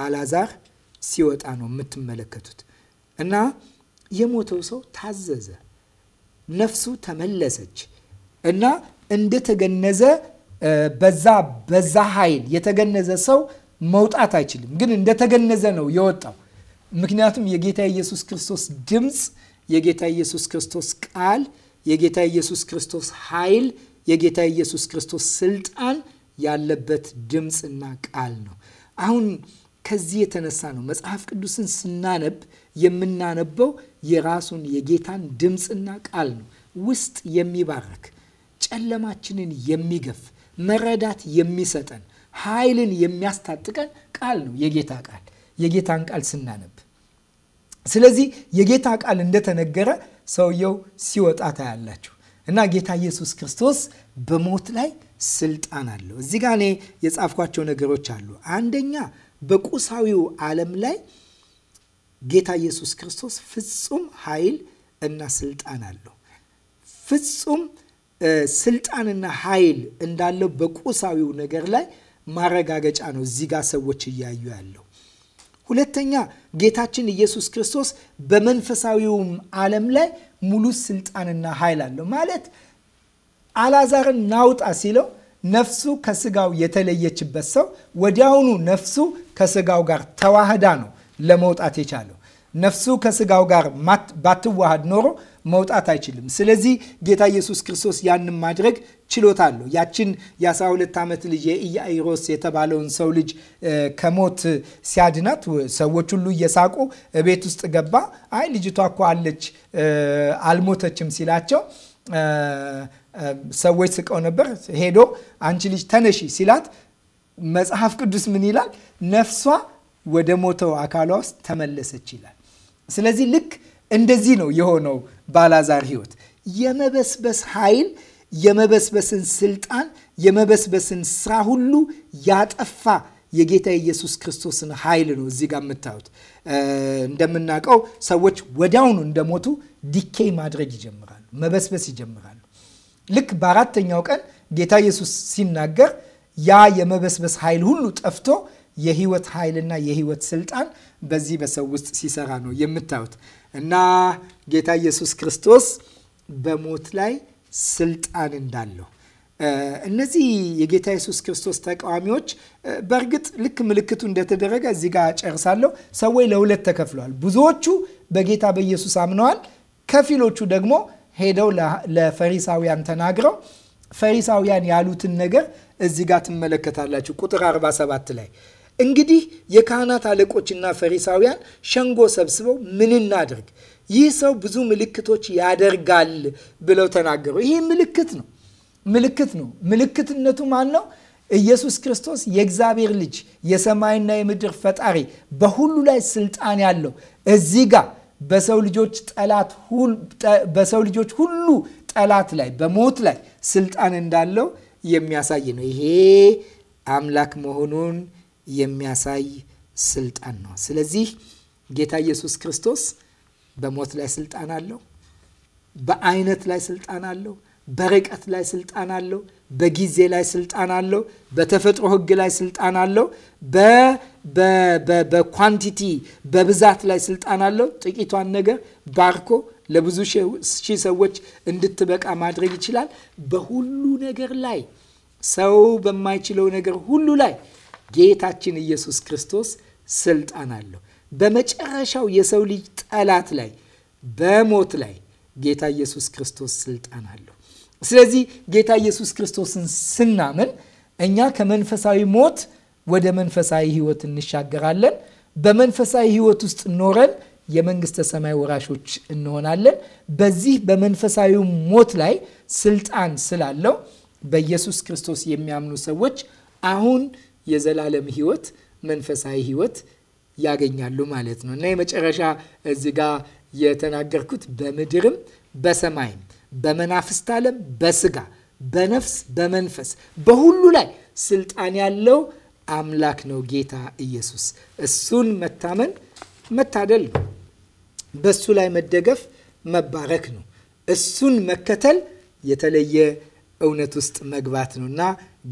አላዛር ሲወጣ ነው የምትመለከቱት። እና የሞተው ሰው ታዘዘ፣ ነፍሱ ተመለሰች እና እንደተገነዘ በዛ በዛ ኃይል የተገነዘ ሰው መውጣት አይችልም። ግን እንደተገነዘ ነው የወጣው። ምክንያቱም የጌታ ኢየሱስ ክርስቶስ ድምፅ፣ የጌታ ኢየሱስ ክርስቶስ ቃል፣ የጌታ ኢየሱስ ክርስቶስ ኃይል፣ የጌታ ኢየሱስ ክርስቶስ ስልጣን ያለበት ድምፅና ቃል ነው። አሁን ከዚህ የተነሳ ነው መጽሐፍ ቅዱስን ስናነብ የምናነበው የራሱን የጌታን ድምፅና ቃል ነው። ውስጥ የሚባረክ ጨለማችንን የሚገፍ መረዳት የሚሰጠን ኃይልን የሚያስታጥቀን ቃል ነው የጌታ ቃል የጌታን ቃል ስናነብ ስለዚህ የጌታ ቃል እንደተነገረ ሰውየው ሲወጣ ታያላችሁ እና ጌታ ኢየሱስ ክርስቶስ በሞት ላይ ስልጣን አለው። እዚህ ጋር እኔ የጻፍኳቸው ነገሮች አሉ። አንደኛ በቁሳዊው ዓለም ላይ ጌታ ኢየሱስ ክርስቶስ ፍጹም ኃይል እና ስልጣን አለው። ፍጹም ስልጣንና ኃይል እንዳለው በቁሳዊው ነገር ላይ ማረጋገጫ ነው እዚህ ጋር ሰዎች እያዩ ያለው። ሁለተኛ ጌታችን ኢየሱስ ክርስቶስ በመንፈሳዊውም ዓለም ላይ ሙሉ ስልጣንና ኃይል አለው። ማለት አላዛርን ናውጣ ሲለው ነፍሱ ከስጋው የተለየችበት ሰው ወዲያውኑ ነፍሱ ከስጋው ጋር ተዋህዳ ነው ለመውጣት የቻለው። ነፍሱ ከስጋው ጋር ባትዋሃድ ኖሮ መውጣት አይችልም። ስለዚህ ጌታ ኢየሱስ ክርስቶስ ያንን ማድረግ ችሎታ አለው። ያችን የ12 ዓመት ልጅ የኢያኢሮስ የተባለውን ሰው ልጅ ከሞት ሲያድናት ሰዎች ሁሉ እየሳቁ ቤት ውስጥ ገባ። አይ ልጅቷ እኮ አለች አልሞተችም ሲላቸው ሰዎች ስቀው ነበር። ሄዶ አንቺ ልጅ ተነሺ ሲላት መጽሐፍ ቅዱስ ምን ይላል? ነፍሷ ወደ ሞተው አካሏ ውስጥ ተመለሰች ይላል። ስለዚህ ልክ እንደዚህ ነው የሆነው ባላዛር ህይወት። የመበስበስ ኃይል፣ የመበስበስን ስልጣን፣ የመበስበስን ስራ ሁሉ ያጠፋ የጌታ ኢየሱስ ክርስቶስን ኃይል ነው እዚህ ጋር የምታዩት። እንደምናውቀው ሰዎች ወዲያውኑ እንደሞቱ ዲኬይ ማድረግ ይጀምራሉ፣ መበስበስ ይጀምራሉ። ልክ በአራተኛው ቀን ጌታ ኢየሱስ ሲናገር ያ የመበስበስ ኃይል ሁሉ ጠፍቶ የህይወት ኃይልና የህይወት ስልጣን በዚህ በሰው ውስጥ ሲሰራ ነው የምታዩት። እና ጌታ ኢየሱስ ክርስቶስ በሞት ላይ ስልጣን እንዳለው እነዚህ የጌታ ኢየሱስ ክርስቶስ ተቃዋሚዎች በእርግጥ ልክ ምልክቱ እንደተደረገ እዚህ ጋር ጨርሳለሁ። ሰዎች ለሁለት ተከፍለዋል። ብዙዎቹ በጌታ በኢየሱስ አምነዋል። ከፊሎቹ ደግሞ ሄደው ለፈሪሳውያን ተናግረው ፈሪሳውያን ያሉትን ነገር እዚህ ጋር ትመለከታላችሁ ቁጥር 47 ላይ እንግዲህ የካህናት አለቆችና ፈሪሳውያን ሸንጎ ሰብስበው ምን እናድርግ? ይህ ሰው ብዙ ምልክቶች ያደርጋል ብለው ተናገሩ። ይሄ ምልክት ነው ምልክት ነው። ምልክትነቱ ማን ነው? ኢየሱስ ክርስቶስ የእግዚአብሔር ልጅ የሰማይና የምድር ፈጣሪ፣ በሁሉ ላይ ስልጣን ያለው እዚህ ጋር በሰው ልጆች ጠላት በሰው ልጆች ሁሉ ጠላት ላይ በሞት ላይ ስልጣን እንዳለው የሚያሳይ ነው። ይሄ አምላክ መሆኑን የሚያሳይ ስልጣን ነው። ስለዚህ ጌታ ኢየሱስ ክርስቶስ በሞት ላይ ስልጣን አለው። በአይነት ላይ ስልጣን አለው። በርቀት ላይ ስልጣን አለው። በጊዜ ላይ ስልጣን አለው። በተፈጥሮ ሕግ ላይ ስልጣን አለው። በኳንቲቲ በብዛት ላይ ስልጣን አለው። ጥቂቷን ነገር ባርኮ ለብዙ ሺህ ሰዎች እንድትበቃ ማድረግ ይችላል። በሁሉ ነገር ላይ ሰው በማይችለው ነገር ሁሉ ላይ ጌታችን ኢየሱስ ክርስቶስ ስልጣን አለው። በመጨረሻው የሰው ልጅ ጠላት ላይ በሞት ላይ ጌታ ኢየሱስ ክርስቶስ ስልጣን አለው። ስለዚህ ጌታ ኢየሱስ ክርስቶስን ስናምን እኛ ከመንፈሳዊ ሞት ወደ መንፈሳዊ ሕይወት እንሻገራለን። በመንፈሳዊ ሕይወት ውስጥ ኖረን የመንግስተ ሰማይ ወራሾች እንሆናለን። በዚህ በመንፈሳዊ ሞት ላይ ስልጣን ስላለው በኢየሱስ ክርስቶስ የሚያምኑ ሰዎች አሁን የዘላለም ህይወት መንፈሳዊ ህይወት ያገኛሉ ማለት ነው እና የመጨረሻ እዚ ጋ የተናገርኩት በምድርም በሰማይም በመናፍስት ዓለም በስጋ በነፍስ በመንፈስ በሁሉ ላይ ስልጣን ያለው አምላክ ነው ጌታ ኢየሱስ። እሱን መታመን መታደል ነው። በሱ ላይ መደገፍ መባረክ ነው። እሱን መከተል የተለየ እውነት ውስጥ መግባት ነው እና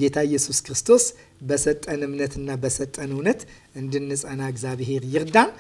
ጌታ ኢየሱስ ክርስቶስ በሰጠን እምነትና በሰጠን እውነት እንድንጸና እግዚአብሔር ይርዳን።